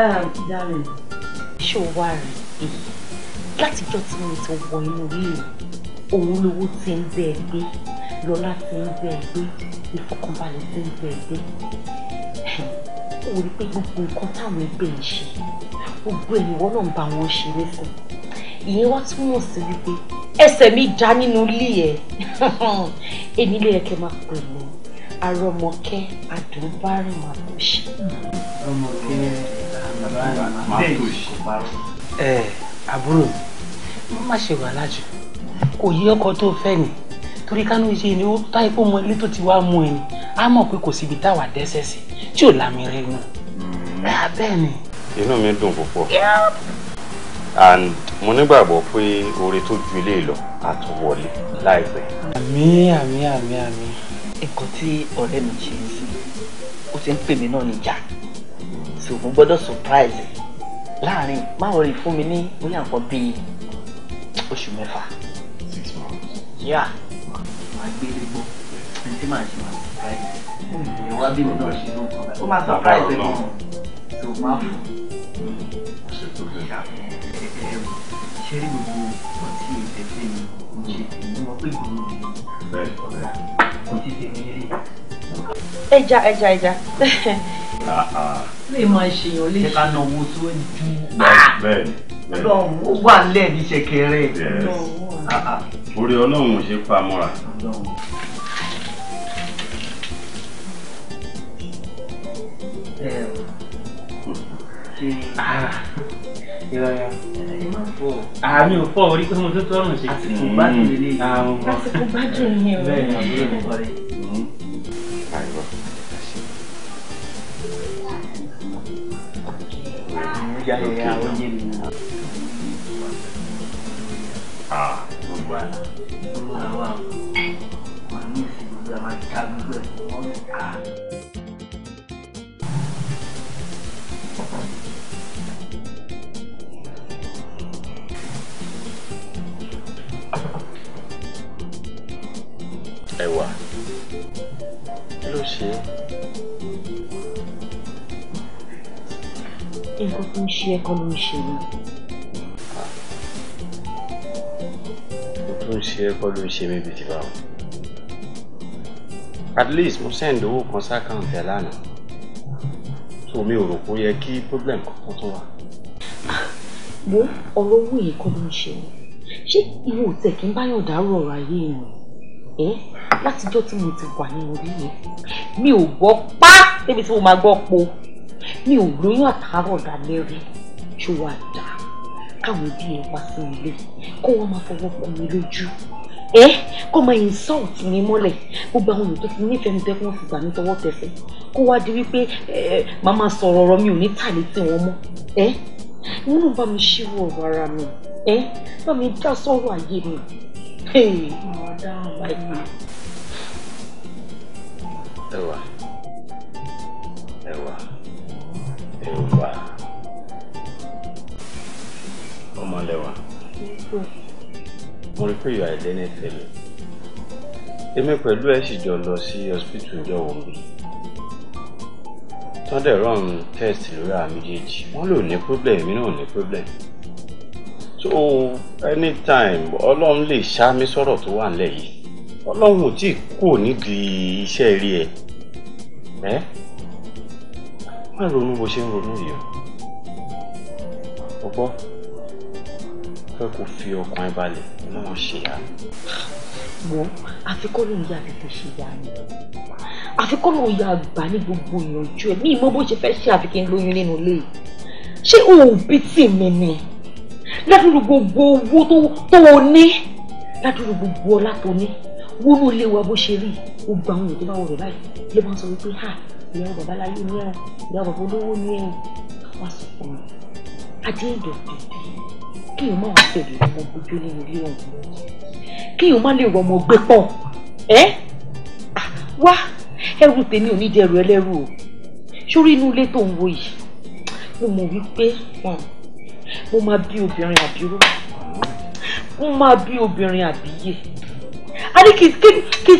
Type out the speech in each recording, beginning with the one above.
Um, darling ṣé o wá rí èyí látijọ́ tí mo ti wọ inú ilé òun lówó ti ń bẹ́ẹ̀ gbé lọ́lá ti ń bẹ́ẹ̀ gbé ìfọkànbalẹ̀ ti ń bẹ́ẹ̀ gbé ó rí pé gbogbo nǹkan táwọn ẹgbẹ́ ń ṣe gbogbo ìwọ náà ń bá wọn ṣe lẹ́sìn ìyẹn wá túmọ̀ sí wípé ẹsẹ̀ mi já nínú ilé ẹ̀ èmi lè yẹ kẹ́ máa pè mí arọmọkẹ́ adùnbárìn màdùnṣe. ọmọkẹ́ ẹ àbúrò mi má ṣe wàhálà jù kò yí ọkọ tó fẹ́ ni torí kánú iṣẹ́ ni ó tá ipò mọ ilé tó ti wá mú ẹni á mọ̀ pé kò síbi táwa dẹ́sẹ̀ sí tí ò lámì rẹ nù mm. bẹ́ẹ̀ ni. inú mi dùn púpọ̀ and mo nígbàgbọ́ pé oore tó ju ilé lọ á tún wọlé láìpẹ́. àmín àmín àmín àmín. nǹkan tí ọ̀rẹ́ mi ṣe ń sìn ó ti ń pè mí náà níjà so mo gbọ́dọ̀ surprise láàrin máwọn rí fún mi ní bóyá nǹkan bíi oṣù mẹ́fà. six months. yà máa gbé lé gbọ́ ẹni tí màá ṣe máa surprise ẹ̀ hmm. wá bí mi náà ṣe ló ń kọ́ máa surprise ẹ̀ mọ́ so máa fún un. Hmm. ṣé rí gbogbo ọtí ìtẹ̀sẹ̀ mi ń ìmọ̀ pé gbòòrò mi kò tí ì tẹ̀lé rí ẹja ẹja ẹja. lè máa ṣèyàn léṣe. ṣé ká ná owó tó ju. Ah! bẹ́ẹ̀ni ọlọ́run ó wà nílẹ̀ ní ṣẹ̀kẹ̀rẹ̀. Ah, ah. orí ọlọ́run ò ṣe pa mọ́ra. ìrọ̀yà àmì ò fọ orí pé mo tó tọrùn ṣe. àsìkò gbádùn lélẹ́yìn. àsìkò gbádùn ni o. bẹ́ẹ̀ ni àbúrò mi kọ́ rẹ̀. ya ya ya ó yé mi ah gbogbo àná gbogbo àwọn àwọn nǹkan tó ń ṣe ẹ́ kọ́ ló ń ṣe mí. nǹkan tó ń ṣe ẹ́ kọ́ ló ń ṣe mí bíi ti báwo. at least mo send owó kan sákàǹtì ẹ̀ lánàá so mi ò rò pé ó yẹ kí problem kankan tó wà. wo ọ̀rọ̀ owó yìí kọ́ ló ń ṣe mí ṣé ìwọ ò tẹ̀ kí n báyọ̀ dárò ọ̀rọ̀ ayé yìí ẹ́ látijọ́ tí ti wà nínú ilé yẹn mi ò gbọ́ pa débi tí mo máa gbọ́ po mi ò lóyún àtàrọ̀dà lẹ́rìí ṣó wàá dà káwọn ẹbí ẹ wá sí ilé kó wọn máa fọwọ́ kún mi lójú ẹ kó máa insult mi mọ́lẹ̀ gbogbo àwọn olùtọ́ ti nífẹ̀ẹ́ mi tẹ́kùn fìgbà mi tọwọ́ tẹsẹ̀ kó wá di wípé màá máa sọ̀rọ̀ ọ̀rọ̀ mi ò ní tàlé tí wọ́n mọ́ ẹ nínú bá mi ṣíwọ́ ọ̀rọ̀ ara mi ẹ bá mi dá sọ̀rọ̀ ayé mi. ẹwà ẹwà ẹ̀rù bá ọmọ lẹ́wà mo rí pé ìyá ẹ̀dẹ́ ní tẹ̀lé èmi pẹ̀lú ẹ̀ sì jọ lọ sí hospital ìjọ òru tọ́ndẹ̀ rán test lórí àwọn méjèèjì wọ́n lò ní problem èmi náà ní problem so anytime ọlọ́run lè ṣá mi sọ̀rọ̀ tó wà nílẹ̀ yìí ọlọ́run ò tí ì kúrò nídìí iṣẹ́ rí ẹ ẹ́ má ronú bó ṣe ń ronú yìí o gbọ́ fẹ́ kó fi ọkàn ẹ balẹ̀ má wọn ṣe ya. wo àfi kó lóun yá tètè ṣe ya ni àfi kó lóun yá gbà ní gbogbo ìyànjú ẹ ní ìmọ̀ bó ṣe fẹ́ ṣe àfi kí n lóyún nínú ilé yìí ṣé òun bí tì mí ni o ní ládùúgbò gbogbo ọlá tó ní wọnú ilé wa bó ṣe rí gbogbo àwọn èdè bá wọlé báyìí ló ìyá ọ̀rọ̀ báláyé ní ẹ̀rọ ìyá ọ̀rọ̀ olówó ní ẹ̀rọ wá sọ fún mi adé ìdọ̀tí kí n máa tẹ̀lé ọmọ gbójú ní ilé ọ̀hún kí n má lè rọ ọmọ gbé pọ̀ ẹ́ wá ẹrù tèmi ò ní dẹrù ẹlẹ́rù o sórí inú ilé tó ń wo yìí mo mọ̀ wípé mo máa bí obìnrin àbírú mo máa bí obìnrin àbíyè a ní kí n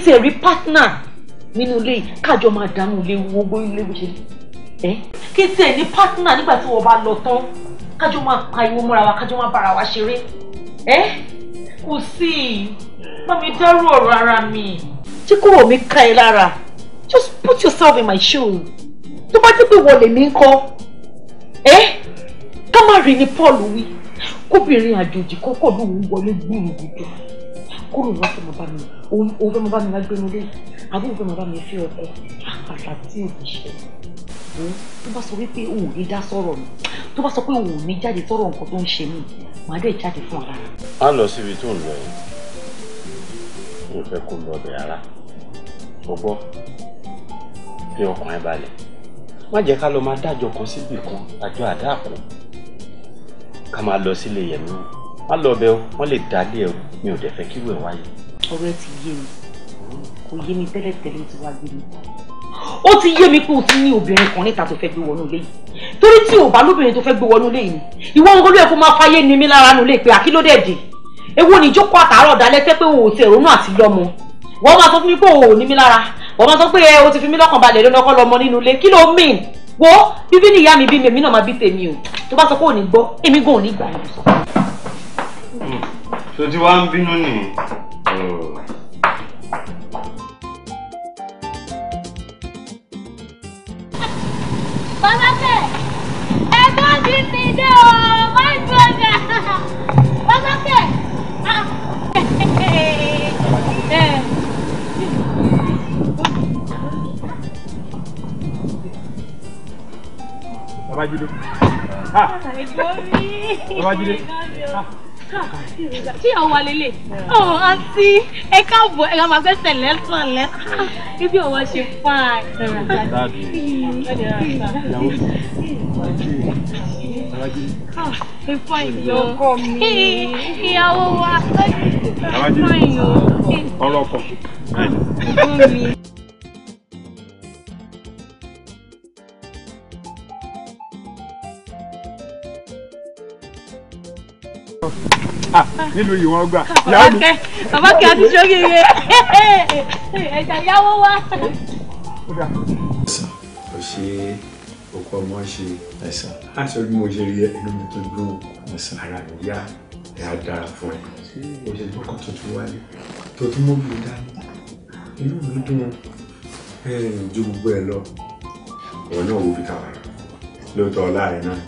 tiẹ̀ rí pátánà nínú ilé yìí kájọ máa dànù léwu gbogbo ilé bó ṣe ẹ kí tiẹ̀ ní pátínà nígbà tí wọ́n bá lọ tán kájọ máa pariwo mọ́ra wa kájọ máa bára wa ṣeré ẹ kò sí bá mi dárú ọ̀rọ̀ ara mi tí kúrò mi ká ẹ lára just put yourself in my shoe tó bá dé pé wọlé mi ń kọ́ ẹ ká má rí ni Paul wí kóbìnrin àjòjì kọ́kọ́ lòun wọlé gbúrúgbùdù kúrò ní ọ̀fẹ́ bàbá mi òun fẹ́ bàbá mi lágbẹ́nu lé àbí òun fẹ́ bàbá mi fi ọkọ àpàtà tí èyí ṣe tó bá sọ wípé òun ò ní dá sọ̀rọ̀ mi tó bá sọ pé òun ò ní jáde sọ̀rọ̀ nǹkan tó ń ṣe mí màá dẹ̀ jáde fún ara. a lọ síbi tó ń lọ yìí mi ò fẹ́ kó lọ ọbẹ̀ rárá o gbọ́ fi ọkàn ẹ balẹ̀ má jẹ́ ká lọ máa dájọ́ kan síbì kan àjọ àdáàkú ká máa lọ sílé yẹ̀mí má lọ bẹ o wọ́n lè dálé ẹ o mi ò dẹ̀ fẹ́ kí wẹ̀ wáyé. ọ̀rẹ́ ti yé mi kò yé mi tẹ́lẹ̀tẹ́lẹ̀ ti wá gbé mi ó ti yé mi pé o ti ní obìnrin kan níta tó fẹ́ gbé wọnú ilé yìí torí tí o bá lóbìnrin tó fẹ́ gbé wọnú ilé yìí ìwọ ń gbọ́dọ̀ kó máa fáyé ni mí lára nulẹ̀ pé àkílódé dè ewo ni ìjókòó àtàárọ̀ dalẹ́ tẹ́ pé o ò tẹ̀ ronú àti lọ́mọ wọ́n máa sọ fún mi pé o ò ní mí lára wọ́n máa sọ pé o ti fi mí lọ́kàn balẹ̀ lọ́nà ọkọ lọ́mọ nínú ilé kí ló mean wo bíbí ni ìyá mi bí mi èmi náà máa bí tèmi o tó bá sọ pé ò ní gbọ́ èmi gan ò ní gbà yẹn sọ tó ti wá ń bínú nìyí. bàbá tẹ ẹ̀gbọ́n mi ti dé o má ju ọjà Babajide. Ah. Babajide tí ìyàwó wa lélẹ̀ ọ̀ àǹtí ẹ káàbọ̀ ẹ máa fẹ́ sẹ̀lẹ̀ sọ̀lẹ̀ ibi ọ̀wọ́ ṣe fine. ìyàwó wa ọ̀rọ̀ kan. nílùú yìí wọ́n gbà. ọ̀bákẹ́ ọ̀bákẹ́ àti sóríire ẹ̀jà yáwó wá. ó ṣe okó ọmọ ṣe aṣọ bí mo ṣe rí ẹnu mi tó dùn ara mi yá ẹ á dára fún ẹ o ṣe gbọ́kàn tuntun wáyé tó tún mọ́ mi dání inú mi dùn ẹ ju gbogbo ẹ lọ ọ̀rọ̀ náà wo bí káwa lóòótọ́ ọ̀la rẹ̀ náà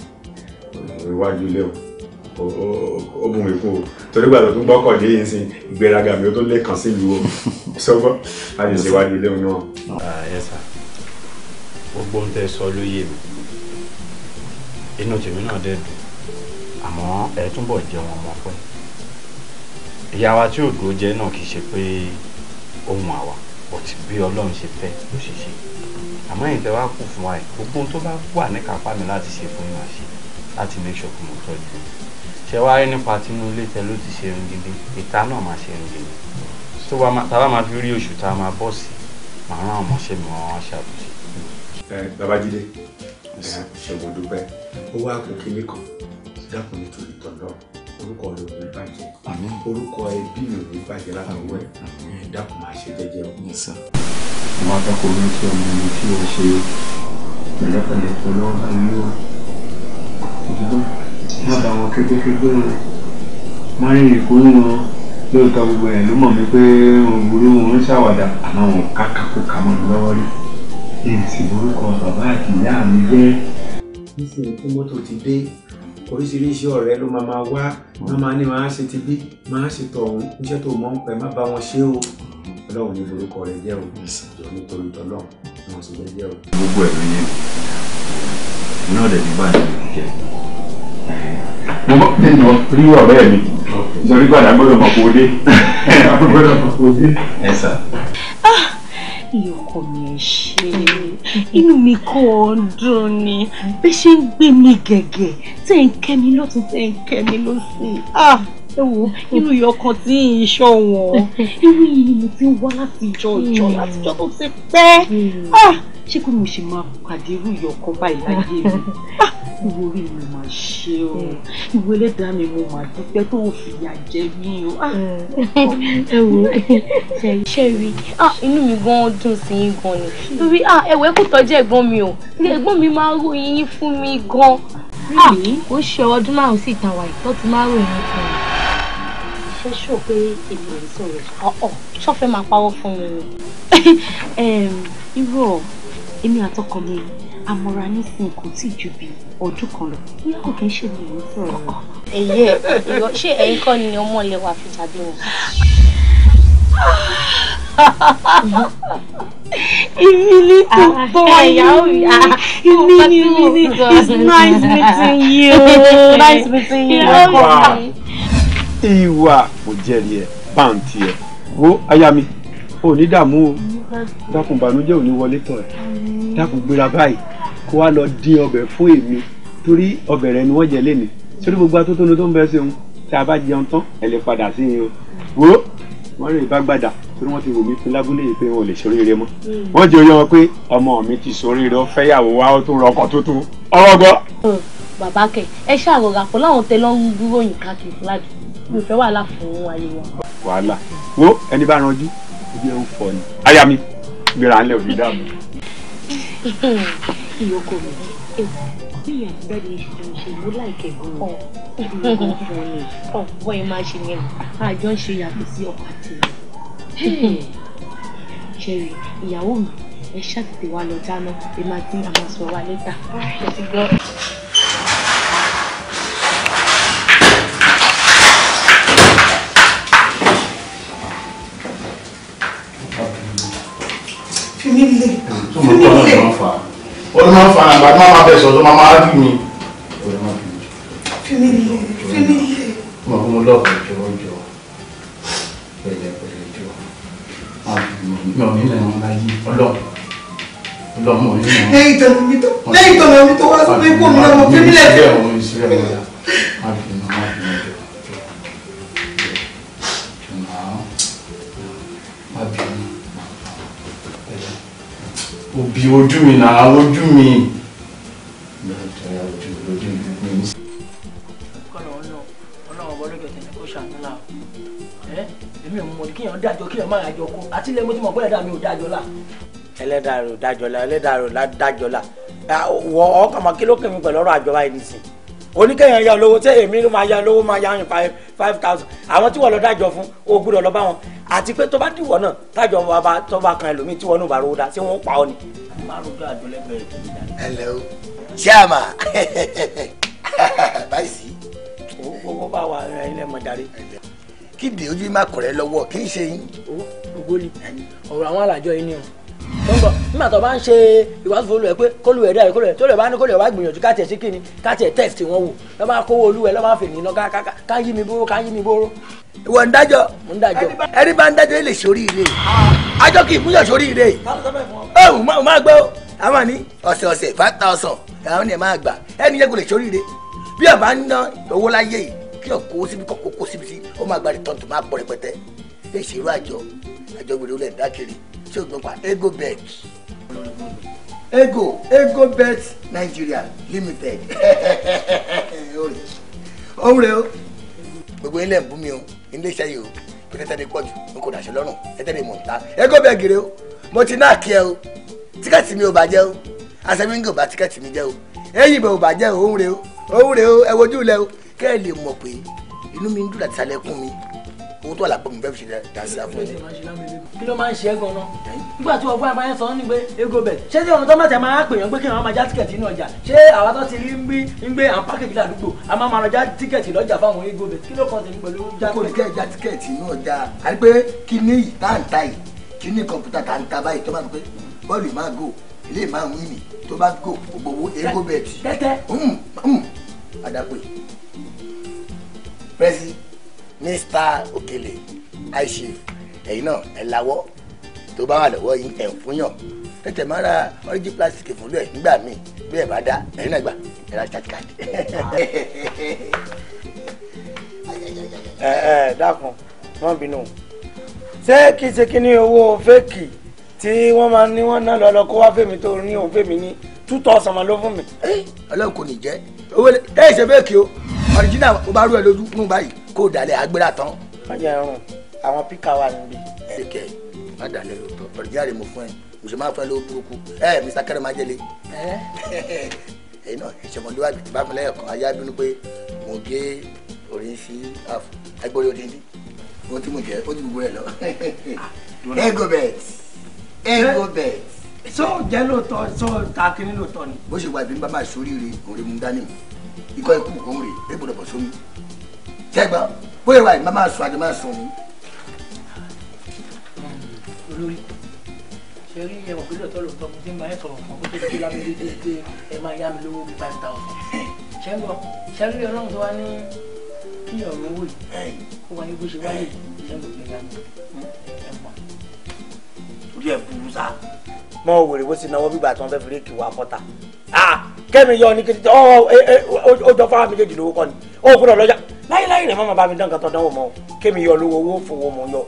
iwájú ilé o ogun èkó torí gbàdọ̀ tó gbọ́kọ̀ dé yìí sí ìgbéraga mi ó tó lè kàn sí ìlú omi sọ́gbọ́ a lè ṣèwádìí ilé òun náà. ẹ sà gbogbo ń tẹ sọ ló yé mi inú tèmi náà dẹ̀ dùn àmọ́ ẹ túbọ̀ jẹun ọmọ pẹ́ ìyá wa tí òdò jẹ náà kì í ṣe pé ohun àwa ọtí bí ọlọ́run ṣe fẹ́ ló ṣe ṣe àmọ́ ìtẹ́ wa kù fún wa ẹ̀ gbogbo ohun tó bá wà ní kápá mi láti ṣe fún ìmọ̀ ṣe láti make sure kò mọ̀ tọ́jú ṣe wá rí nípa tinú ilé tẹ ló ti ṣe irun gidi ìta náà máa ṣe irun gidi tó bá máa fi rí oṣù tá a máa bọ̀ sí màá rán àwọn ọmọọṣẹ́ mi wọn wá ṣàbùjẹ. Babájídé ṣègùn dúpẹ́ ó wá kò kíní kan dákun nítorí tọ̀nà orúkọ rẹ̀ ò ní bàjẹ́ orúkọ ẹbí rẹ̀ ò ní bàjẹ́ látọwọ́ ẹ̀ dákun máa ṣe jẹ́jẹ́ o. àwọn akẹ́kọ̀ọ́ mi kí ọmọ mi kí o ṣe pẹ̀lẹ́pẹ̀lẹ́ tó lọ́ọ́ bá yí o lọ́dọ̀ àwọn kétékété rẹ̀ márìn ìkó nù wọn lóòótọ́ gbogbo ẹ̀ ló mọ̀ mí pé wọn burú wọn ń ṣàwàdà àmọ́ wọn kákàkó kà mọ́ mi lọ́wọ́ rí èyí sì borúkọ bàbá àti ìyá mi jẹ́. nísìnyí tí mọ́tò ti dé oríṣiríṣi ọ̀rẹ́ ló máa máa wá wọ́n máa ní máa ṣe ti bí máa ṣe tọ̀ ọ̀hún iṣẹ́ tó mọ̀ ń pẹ́ má bá wọn ṣe o ọlọ́run ní borúkọ rẹ̀ jẹ́ o nítorí tọ́lọ́run wọn sì lè jẹ́ o. gbogbo ẹ̀rọ yẹn náà dẹ̀ ní báyìí nínú rí ọ̀rẹ́ mi nítorí gbàdá gbọ́dọ̀ mọ̀ kó dé gbọ́dọ̀ mọ̀ kó dé. Ah, ìyókò mi ẹ ṣe inú mi kò dùn ni bẹ́ ṣe ń gbé mi gẹ̀gẹ̀ tẹ̀ ń kẹ́ mi lọ́tún tẹ̀ ń kẹ́ mi lọ́sì ah, ẹ wo inú ìyọkan tí ń ṣọ wọn irú yìí mo ti ń wá láti ìjọ ìjọ láti ìjọ tó ti pẹ́ hmm. ah, ṣé kí mo ṣe máa pàdé irú ìyọkan báyìí láyé mi. ìwọ orí mi mà ṣe o mm. ìwọ ẹlẹ́dàá mi mo mà dúpẹ́ tó fìyà jẹ mí o. Ah! Mm. ẹ wo ṣe rí ah, inú mi gan dùn sí yín gan ni torí ah, ẹwẹ́ kò tọ́jú ẹ̀gbọ́n mi o ẹ̀gbọ́n mi máa ń ròyìn yín fún mi gan. ó ṣe ọdún márùn-ún sí ìtàn wàyí tó ti máa ń ròyìn yín fún mi. ṣé ṣó pé èmi ò sọ̀rọ̀ ọ̀ọ́ ṣọ́fẹ́ máa pawọ́ fún mi ni. irú ọ̀ èmi àtọkọ mi àmọ́ra nísìnyí kò tí ju bí ọdún kan lọ bóyá kò kí n ṣe lè rí sọ̀rọ̀ rẹ̀. èyí ẹ ṣé ẹ̀yin kọ́ ni ọmọ ilé wa fi tàbí wọn. Èmi ni to boy you. Èmi ni mi ni it's nice meeting you. nice meeting you. Ìwà kò jẹ́rìí ẹ̀ báǹtì ẹ̀. Wo aya mi, ò ní dààmú o. Mm-hmm dákun bànújẹ́ ò ní wọlé tọ̀ ẹ́ dákun gbéra báyìí kó wá lọ dín ọbẹ̀ fún èmi torí ọbẹ̀ rẹ ni wọ́n jẹ lé ní sórí gbogbo atótónu tó ń bẹ ṣeun tí a bá jẹun tán ẹ lè padà sí yín o wo wọ́n rìn bá gbàdà torí wọ́n ti wò mí fún lábúlé yìí pé wọn ò lè ṣoríire mọ́ wọ́n jẹ́ oyè wọn pé ọmọ mi ti ṣoríire ó fẹ́yàwó wa ó tún rọkọ̀ tuntun ọwọ́ gbọ́. Hmm, bàbá kẹ ẹ ṣàrògà pọ̀ láwọn tẹ lọ́n gbúròyìn káàkiri ládùúgbò mi ò fẹ́ wàhálà fún ayé wa. wàhálà wo ẹni bá ranjú ibi ẹ̀ ń fọ ni aya mi gbéra ńlẹ̀ òbí dà mí. ìyókò mi bí ìyá bẹ́ẹ̀ ni ṣèlú láìkẹ́ gan-an ìyókò fún mi ọ̀pọ̀ ẹ̀ máa ṣe yẹn àjọ ń ṣe yàtọ̀ sí ọkọ̀ àti ìyá. Hmm. ṣẹ̀rì ìyàwó mi ẹ ṣàtìtì wa lọ dáná èmi àti àmàsọ̀rọ̀ wa lẹ́tà ẹ ti gbọ́. tó mọ̀ nípa náà ló máa ń fa ó ló máa ń fa nàgbà tó máa máa bẹ̀ sọ̀ tó máa máa rí mi. fílẹ̀ fílẹ̀. mo mú jọ pẹ̀lẹ́pẹ̀lẹ́ jọ mi ò ní lẹ́nu láyé ọlọ́ọ̀kọ̀ lọ́mọ yìí. lẹ́yìn tọ̀nà mi tó wá sí pé kó mi lọ́mọ bí ojú mi náà ojú mi. èmi ò mọ̀ kíyàn dájọ́ kíyàn máa yàjọ kó àti ilé mo ti mọ̀ bóyá dá mi ò dájọ́ là. ẹlẹ́dàá rò dájọ́ là ẹlẹ́dàá rò dájọ́ là wọ ọkọ̀ mọ̀ kí ló kẹ́mi pẹ̀lú ọ̀rọ̀ àjọba yìí nìsín oníkẹyàn ya olówó tẹ èmi máa ya olówó máa ya yín five thousand àwọn tí wọn lọ dájọ fún o gbúdọ̀ lọ bá wọn àti pé tó bá dìwọ náà tájọ bàbá tó bá kan ẹlòmíì tí wọn náà bá rówó dá ṣé wọn pa ọ ni márùndún àdúlẹ́gbẹ̀ẹ́ rẹ̀ kìí Bye. hello ṣáàmà báyìí sí. owó bá wa ara ilé mọ̀ darí. kíbi ojú má kọ̀rẹ́ lọ́wọ́ kì í ṣe yín. owó gbogbo ni ọ̀rọ̀ àwọn alájọ yìí ni o tó ń bọ̀ nígbà tó bá ń ṣe ìwádìí olùwẹ̀ pé kólú ẹ̀ dá ìkólú ẹ̀ tó lè bá ní kólú ẹ̀ wá gbìyànjú ká tiẹ̀ sí kíni ká tiẹ̀ test wọn wò lọ́ máa kówó olúwẹ̀ lọ́ máa fèrè iná ká yí mi bóró ká yí mi bóró. ìwọ ń dájọ́ ń dájọ́ ẹni bá ń dájọ́ yìí lè sórí ire àjọ ah. kì í múyàn sórí ire ọ̀hún máa gbọ́ àwọn àní ọ̀sẹ̀ọ̀sẹ̀ five thousand àwọn ni ẹ̀ máa gbà ẹni yẹ kò lè sórí ire bí ọ̀bá ń ná owó láyé yìí kí ọ̀kọ́ síbi kọ́kọ́ síbi sí ó máa gbà rí tọ́ntù máa pọ̀ rẹpẹtẹ èsì irú àjọ àjọ gbèrè olè dákiri tí o gbọ́ pa ego bet ego ego bet Nigeria limited òun rè o gbogbo ilé ń bú mi o ilé iṣẹ́ yìí o pẹ̀lẹ́tẹ̀ ní pọ̀jù n kò dàṣẹ lọ́rùn ẹ̀tẹ̀ ní mọ̀ta ego bet gèrè o mo ti náà kí ẹ o tíkẹ́ẹ̀tì mi ò bàjẹ́ o asẹ́mi ń gò bá tíkẹ́ẹ̀tì mi jẹ́ o ẹ̀yìn bẹ̀ ò bàjẹ́ o òun rè o òun rè o ẹ wojú lẹ o kẹ́ ẹ lè mọ̀ pé inú mi ń dùn àti sálẹ̀ kún mi owó tó wà lápò mi bẹ́ẹ̀ fi ṣe dàsí àfún yín. kí ló máa ń ṣe é gan-an nígbà tí ọgbọ́n àbáyé sọ ní pé ego bẹ̀ ṣé tí ọ̀nà tó máa tẹ̀ máa pè yàn pé kí wọ́n máa já tíkẹ̀tì inú ọjà ṣé àwa tó ti rí bí ń gbé àwọn pákẹ́jì ládùúgbò a máa máa já tíkẹ̀tì lọ́jà fáwọn ego bẹ̀ kí ló kàn tèmi pẹ̀lú já tíkẹ̀tì. kò ní kẹ́ já tíkẹ̀tì inú ọjà àti pé kí ní yìí tá à ń ta yìí kí ní kọ̀ǹpútà tá à ń ta báyìí tó máa ń pẹ́ bọ́ọ̀lù máa gò ilé máa ń wí mi mr okele aishe ẹ̀yin náà ẹ lawọ́ tó bá wà lọ́wọ́ yín ẹ ń fúnyàn tètè máa ra ọrẹ́jì pílásìkì fún lóẹ̀ nígbà míì bí ẹ bá dá ẹ̀yin náà gbà ẹ ra ṣàtìkàtì. ẹ ẹ dákun wọn bínú ṣé kí ṣe kí ni owó fẹ́ẹ̀kì tí wọ́n máa ní wọ́n ná lọ́lọ́ kó wá fèmí tó ní òun fèmí ní two thousand ló fún mi. Eh, ọlọ́run kò ní jẹ́ owó ẹ̀ ṣe fẹ́ẹ̀kì o ọ̀rìjìnà ó bá rú ẹ lójú mú báyìí kó dalẹ̀ agbéra tán. wọ́n yẹ irun àwọn píkà wà níbí. ẹ kẹ má dalẹ̀ lóòótọ́ ọ̀rẹ́dìyàrè mo fún ẹ mo ṣe máa fún ẹ lówó burúkú ẹ mr kẹrìmájẹlẹ. ẹyin náà ìṣọmọlúwàbí ti bá mi lẹ́yọ̀kan ayá bínú pé mo gé orí ń sí àfọ ẹgbẹ́ orí ní mo ti mo jẹ ó ti gbogbo ẹ lọ. egobet ah, egobet. Eh, so jẹ́ lóòótọ́ so takiri lóòótọ́ ni. bó ṣe wà bí n bá máa sóríire òun rè mú dání mi ikọ́ ikú òun rè é gbọ́dọ̀ bọ̀ sómi ṣẹ́gbọ́n bóyá wà ní máa sùn àjọ sùn ni. olórí ṣe rí ẹ̀wọ̀n pé lóòótọ́ lóòótọ́ mo ti máa ń sọ̀rọ̀ fún kótó tó lábẹ́ dédé pé ẹ máa yá mi lówó bíi five thousand. ṣẹ́gbọ́n ṣe rí ọlọ́run tó wá ní kí ọ̀rọ̀ owó yìí kó wá bó ṣe wáyé ṣẹ́gbọ́n gbẹ̀gà mi ẹ̀wọ̀n. orí ẹ̀ burú sá. mọ òwèrè bó ti náwó bíbà tí wọ́n fẹ́ fi rékì wá kọ́ta. Ah! kẹ́mi yọ ní kété ọ ó jọ fáwọn méjèèjì lówó kọ́ ni ó gbọ́dọ̀ lọ́jà láyéláyé rẹ̀ mọ́mọ́ bá mi dán nǹkan tó dánwò mọ́ kẹ́mi yọ lówó owó fowó mọ́ yọ.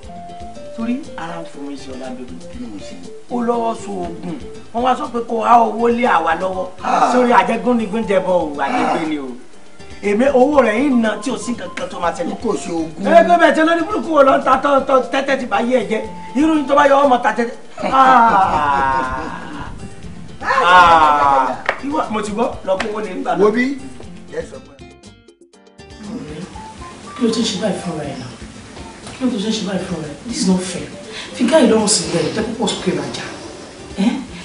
torí ara ń fún mi sí ọlá bẹ̀rù kí ni mo ṣe ó lọ́wọ́ so oògùn wọ́n wá sọ pé kó a owó lé àwa lọ́wọ́ ah. sórí àjẹgún ni gbẹ́ndẹ̀bọ o èmi owó rẹ̀ yìí na tí o sí kankan tó máa tẹ̀lé. kò sí oògùn. ẹ gbé bẹ̀tẹ̀ lórí burúkú wo lọ́n tẹ́tẹ́ ti bá yé ẹ jẹ irú yìí tó bá yọ ọmọ ta tẹ́tẹ́. Ah ìwọ ah. mo ti gbọ́ lọ kówó ní nígbà náà. wo bí ẹ sọ pé. kí ló ti ń ṣe báyìí fún ọ̀rẹ́ náà kí ló ti ń ṣe báyìí fún ọ̀rẹ́ this is not fair fi gáyìí lọ́rùn sí ilé ẹ̀ tẹ́ púpọ̀ sókè ìrajà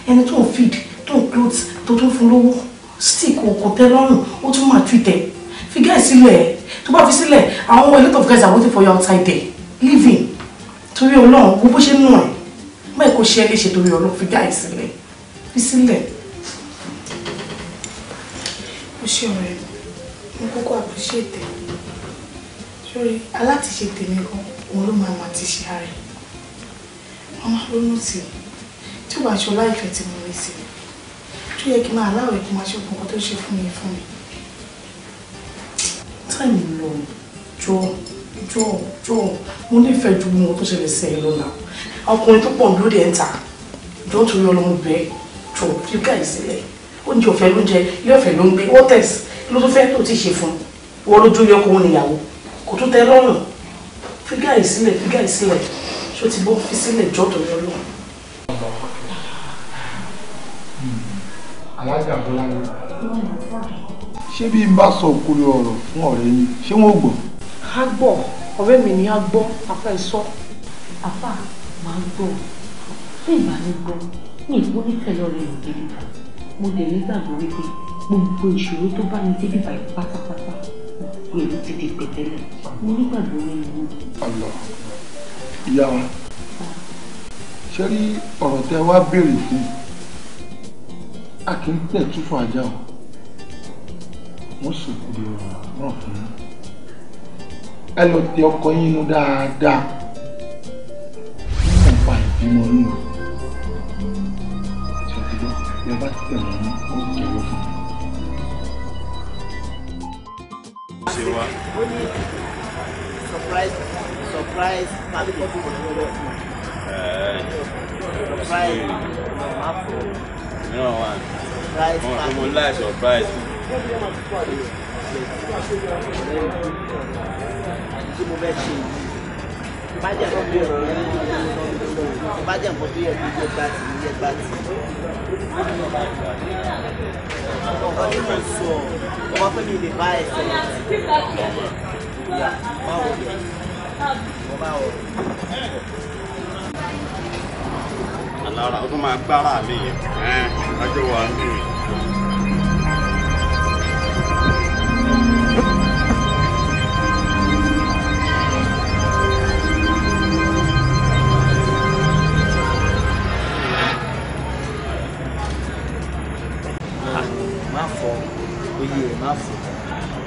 ẹni tó ń feed tó ń clothes tó tó fún lówó stick kò tẹ́ lọ́rùn ó tún máa twitter fi gáyìí sílẹ̀ tó bá fi sílẹ̀ àwọn a lot of guys are waiting for you outside there living torí ọlọ́run kó bó ṣe nù ẹ̀ mọ́ ẹ̀ kó ṣe é léṣe torí ọlọ́run fi gáyìí sílẹ̀ fi sílẹ̀. mo ṣe ọ̀rẹ́ mo kókó àpèṣètè sórí alátiṣe tèmi gan òun ló máa máa ti ṣe ara ẹ̀ wọ́n máa ronú sí i tí ó bá ṣe ọláìfẹ́ tí mo rí sí i tó yẹ kí n máa aláwọ̀ ẹ̀kọ́ máa ṣe òkùnkùn tó ṣe fún mi fún mi. táìmù lọ jọ jọ jọ mo nífẹ̀ẹ́ ju ohun tó ṣẹlẹ̀ sẹ́yìn lọ́la ọkùnrin tó pọ̀ lóde ẹ̀ ń ta jọ́ torí ọlọ́mọbìnrin tó ju gáì sílẹ̀ oúnjẹ ọ̀fẹ́ ló jẹ ilé ọ̀fẹ́ ló ń gbé hotels ló tún fẹ́ tó ti ṣe fún wọn lójú yọ kó níyàwó kò tún tẹ lọ́rùn fi gáì sílẹ̀ fi gáì sílẹ̀ ṣó ti bọ́ fi sílẹ̀ jọ́dọ̀ yọ lọ. alájà bọ́lá ni ṣé bí n bá sọ òkúri ọ̀rọ̀ fún ọ̀rẹ́ ni ṣé wọ́n gbọ́. a gbọ́ ọ̀rẹ́ mi ni a gbọ́ afẹ́ sọ àfà máa ń gbọ́ ìgbà ní gbọ́ ní ìwọ ní tẹ̀lé ọ̀rẹ́ mi débi mo lè nígbàgbọ́ wípé gbogbo ìṣòro tó bá mi débi báyìí pátápátá pẹ̀lú ti di pẹ̀tẹ́lẹ̀ mo nígbàgbọ́ nínú mi. ọlọ ìyá wa ṣé rí ọ̀rọ̀ tẹ wá béèrè fún a kì í tẹ̀ túfọ̀ ajá o wọ́n ṣòkò ìrọ̀rùn náà fún un ẹ lọ tẹ ọkọ yín inú dáadáa nípa ìbímọ náà ẹ bá pè wọ́n ó kéwọ́ fún un. ṣe wá. ó ní surprise surprise bájà kan bí ọ̀rọ̀ rẹ bájà kan bí ẹ̀kú jẹ́ gbà tí jẹ́ gbà tí. ọ̀kan ní mo sọ ọmọ fẹ́ mi lè bá ẹsẹ̀ ìyá báwo ni mo báwo. alára ó tún máa gbára mi yẹn ọjọ́ wa ń bèrè. fọ oyè ẹ̀ má fọ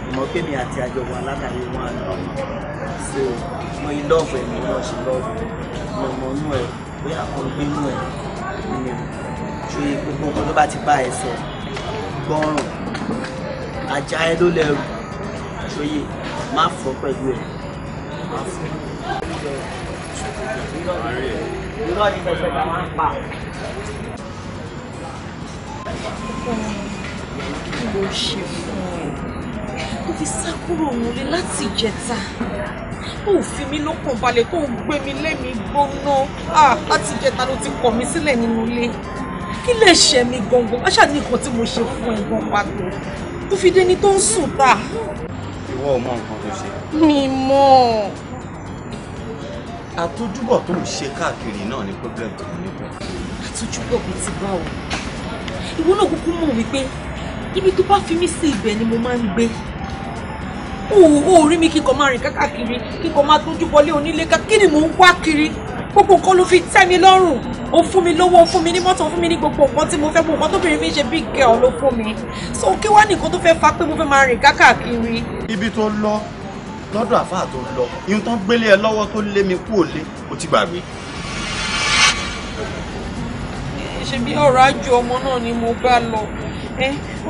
ìmọ̀ kémi àti àjọwọ̀ alákàyè wọn àná so mo yí lọ́ọ̀fù ẹ̀ mi náà ṣe lọ́ọ̀fù mo mọ inú ẹ̀ pé àkọ́gbé inú ẹ̀ ni ṣe gbogbo nǹkan tó bá ti bá ẹ sọ gbọ́rùn ajá ẹ ló lẹ́rù ṣòye má fọ pẹ̀lú ẹ̀ má fọ. irọ́ ni pẹ̀pẹ̀ bá máa pa kí ló ṣe fún ẹ tó fi sá kúrò nílé láti ìjẹta ó fi mí lọ́kàn balẹ̀ tó ń gbé mi lẹ́mìí gbóná láti ìjẹta ló ti kọ̀ mí sílẹ̀ nínú ilé kí lè ṣe mí gbọ̀ngàn má ṣàní nǹkan tí mo ṣe fún ẹ gan pàtó tó fi dé ni tó ń sùn ta. ìwọ ò mọ nǹkan tó ṣe. mi mọ. àtọjúbọ tó ń ṣe káàkiri náà ni pọblẹmù tó ní pẹ. àtọjúbọ bíi ti báwo ìwọ náà kúkú mọ̀ wípé ibi tó bá fi mí sí ibẹ̀ ni mo máa ń gbé ó rí mi kíkọ máa rìn kákàkiri kíkọ máa tójú bọlé onílé ká kí ni mò ń wá kiri gbogbo nǹkan ló fi tẹ́ mi lọ́rùn ó fún mi lówó ó fún mi ní mọ́tò ó fún mi ní gbogbo nǹkan tí mo fẹ́ gbogbo nǹkan tóbìnrin mi ṣe big girl ló fún mi so kí wá nìkan tó fẹ́ fa pé mo fẹ́ máa rìn kákàkiri. ibi tó lọ lọ́dọ̀ àfáà tó lọ ihun tán gbélé ẹ lọ́wọ́ tó lé mi kú òlé ó ti gbàgbé. ṣe bí ọ̀rọ̀ àjò ọmọ náà ni mo bá lọ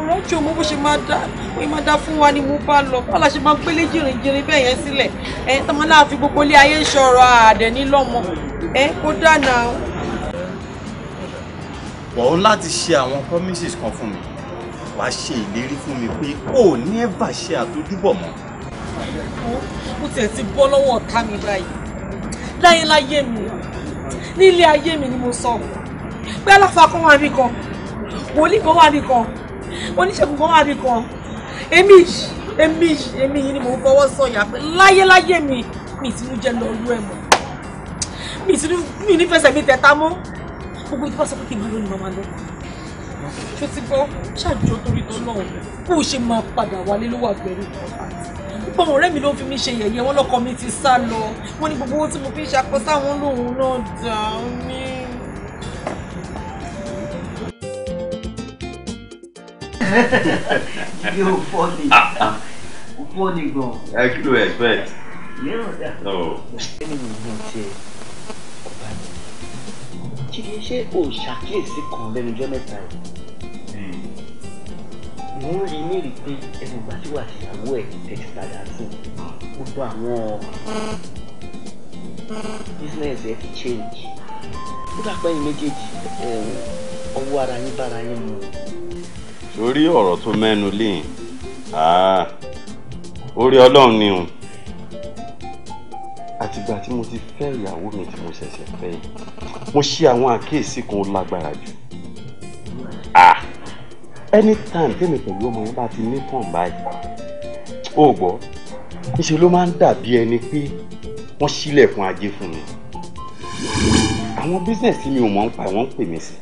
ọ̀rọ̀ tí òun bó ṣe máa dá òun máa dá fún wa ni mo bá lọ bọ́lá ṣe máa gbélé jìrìjìrì bẹ́ẹ̀ yẹn sílẹ̀ ẹ̀ tọ́mọ náà fi gbogbo ilé ayé ṣọ̀rọ̀ àdẹ̀ nílọ́mọ ẹ̀ kó dáná. wọ́n ó láti ṣe àwọn promises kan fún mi wàá ṣe ìlérí fún mi pé ó ní ẹ̀bà ṣe àtòjúbọ̀ mọ́. mo tiẹ̀ ti bọ́ lọ́wọ́ ọ̀tá mi báyìí láyé mi nílé ayé mi ni mo sọ pé aláfa kan wà níkan wòlíì kan wà níkan wọ́n ní ṣẹ́gun kan wà bí kan èmi èmi èmi yìí ni mò ń fọwọ́ sọ̀yà pé láyéláyé mi mi ìtinú jẹ́ lọ rú ẹ̀ mọ́ mi ìtinú mi nífẹsẹ̀ mi tẹ̀ta mọ́ gbogbo ìdíbà sọ pé kí n máa lọ ni màmá lọ ṣó ti gbọ́ ṣáàjọ torí tó náà bó ṣe máa padà wálé ló wà gbẹ̀rù gbogbo àwọn ọ̀rẹ́ mi ló fi mí ṣe yẹ̀yẹ́ wọn lọ́kọ mi ti sá lọ wọn ní gbogbo owó tí mo fi ń ṣàkóso àwọn lòun náà dà á ní. jíde ò fọ́ ni ò fọ́ ni gan. ẹ kí ló expect. mìíràn dà. ẹni mi ní tiẹ̀ o ṣàkíyèsí kan lẹ́nu ọjọ́ mẹ́ta yìí hmm. mo ń rí ní rí pé ẹnu ìgbà tí wàá ṣèyàwó ẹ̀ tẹ̀sí padà sí gbogbo àwọn business ẹ ti change nígbà pẹ́yìn méjèèjì ọwọ́ ara yín bára yín mu sórí ọ̀rọ̀ tó mẹ́nu léyìn ah, orí ọlọ́run ni òun àtìgbà tí mo ti fẹ́ ìyàwó mi tí mo ṣẹ̀ṣẹ̀ fẹ́ yìí mo ṣe àwọn àkíyèsí kan lágbára jù ah, anytime tẹ́mi pẹ̀lú ọmọ yẹn bá ti ní tàn báyìí ó gbọ́ níṣẹ́ ló máa ń dàbí ẹni pé wọ́n ṣílẹ̀kùn ajé fún mi àwọn bísíǹsì mi ò mọ̀ ń pa wọ́n ń pè mí sí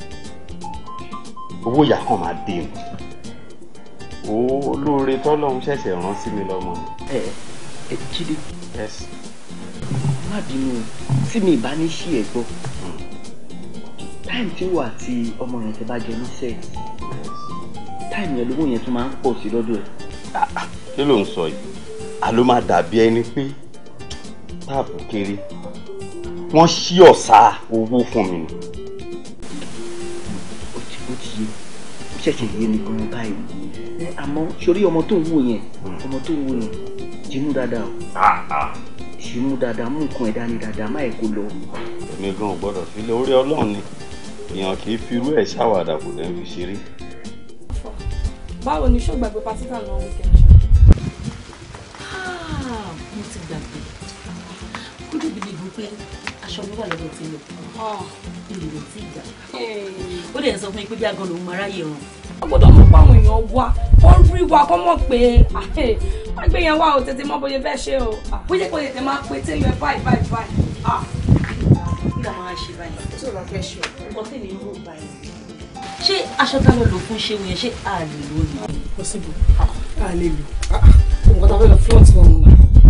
owó ìyá kan máa dé mi wo olóore tọ́lọ́hún ṣẹ̀ṣẹ̀ rán sí mi lọ́mọ. ẹ ẹ jíde. yes. má bínú tí mi bá ní ṣí ẹ gbọ́ táìmù hmm. tí wà tí ọmọ yẹn ti bá jẹ ní sẹ́ẹ̀tì táìmù yẹn lówó yẹn tún máa ń pọ̀ sí lọ́dọ̀ ẹ̀. Ah, ah, kí ló ń sọ yìí àló máa dàbí ẹni pé táàbù kéré wọ́n ṣí ọ̀sà owó fún mi ó ti yé ṣẹ̀ṣẹ̀ yé mi gan báyìí àmọ́ sórí ọmọ tó ń wò yẹn hmm. ọmọ tó ń wò yẹn jìmú dáadáa o ah, ah. jìmú dáadáa mú nǹkan ẹ̀ dání dáadáa má ẹ̀ kó lọ. èmi gan gbọ́dọ̀ sílé orí Ọlọ́run ni èèyàn kì í fi irú ẹ̀ ṣàwàdà kò lè fi ṣeré. báwo ni ṣó gbàgbé pásítà lọ wíkẹ́ ah, mo ti gbàgbé kúndé bìlìbù pé aṣọ mi wà lọ́dọ̀ tí mo ilé mi ti gbà ó dẹ̀ sọ fún mi pé bí aago lòún máa ráyè rùn a gbọ́dọ̀ mọ̀ pa àwọn èèyàn wá kó rí wa kó mọ̀ pé wọ́n gbé yẹn wá o tètè mọ bóyá fẹ́ ṣe o bóyá kò tètè máa pe tẹ́lẹ̀ ẹ báyìí báyìí báyìí ah nígbà máa ṣe báyìí tí o bá fẹ́ ṣe o nǹkan tèmi ń rò báyìí ṣé aṣọ tá lọ lò fún ṣé wọn yẹn ṣé a lè lò ní. possible a lè lò nǹkan tá a fẹ́ lọ front wọn mu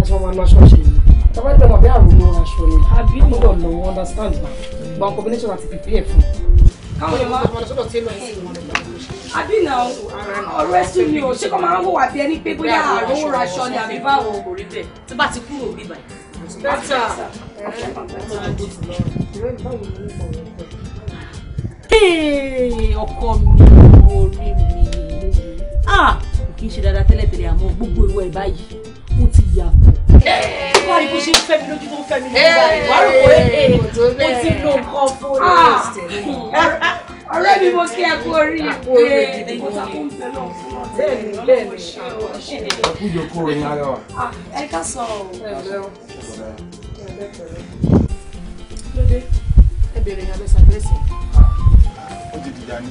aṣọ wọn máa ṣọ́ọ̀ṣì yìí tá a bá tẹ̀lé ọ̀bẹ àrùn mọ́ aṣọ ni àbí mo lọ lọ understand na gbọ́n combination àti prepare fún. káwọn yẹn máa sọ́dọ̀ tailor yìí sí wọn àbí nà ọ̀rọ̀ ẹ̀sùn mi ò ṣé kọ́ máa ń wò wá bí ẹni pé bóyá àrùn ó raṣọ ni àbí báwo kò rí bẹ́ẹ̀ tó bá ti kúrò rí báyìí. bẹ́tà ọkọ mi orí mi ah, kì í ṣe dáadáa tẹ́lẹ̀tẹ́lẹ̀ àmọ́ gbogbo ìwọ ẹ̀ báyìí ó ti yàtọ̀ wá rí bó ṣe ń fẹ́ mi lójú tó ń fẹ́ mi lójú báyìí rò pé ó ti lo nǹkan fún mi ọ̀rẹ́ mi mo kí ẹ kú oríire ìgbésà tó ń bẹ náà fún ọ bẹ́ẹ̀ ni bẹ́ẹ̀ ni àkújọ kó orin ara ah, wa. ẹ ká sọ ọ lóde ẹ bèrè ní abẹ́sà bẹ́sẹ̀. Ah, ó ti dìjà ni.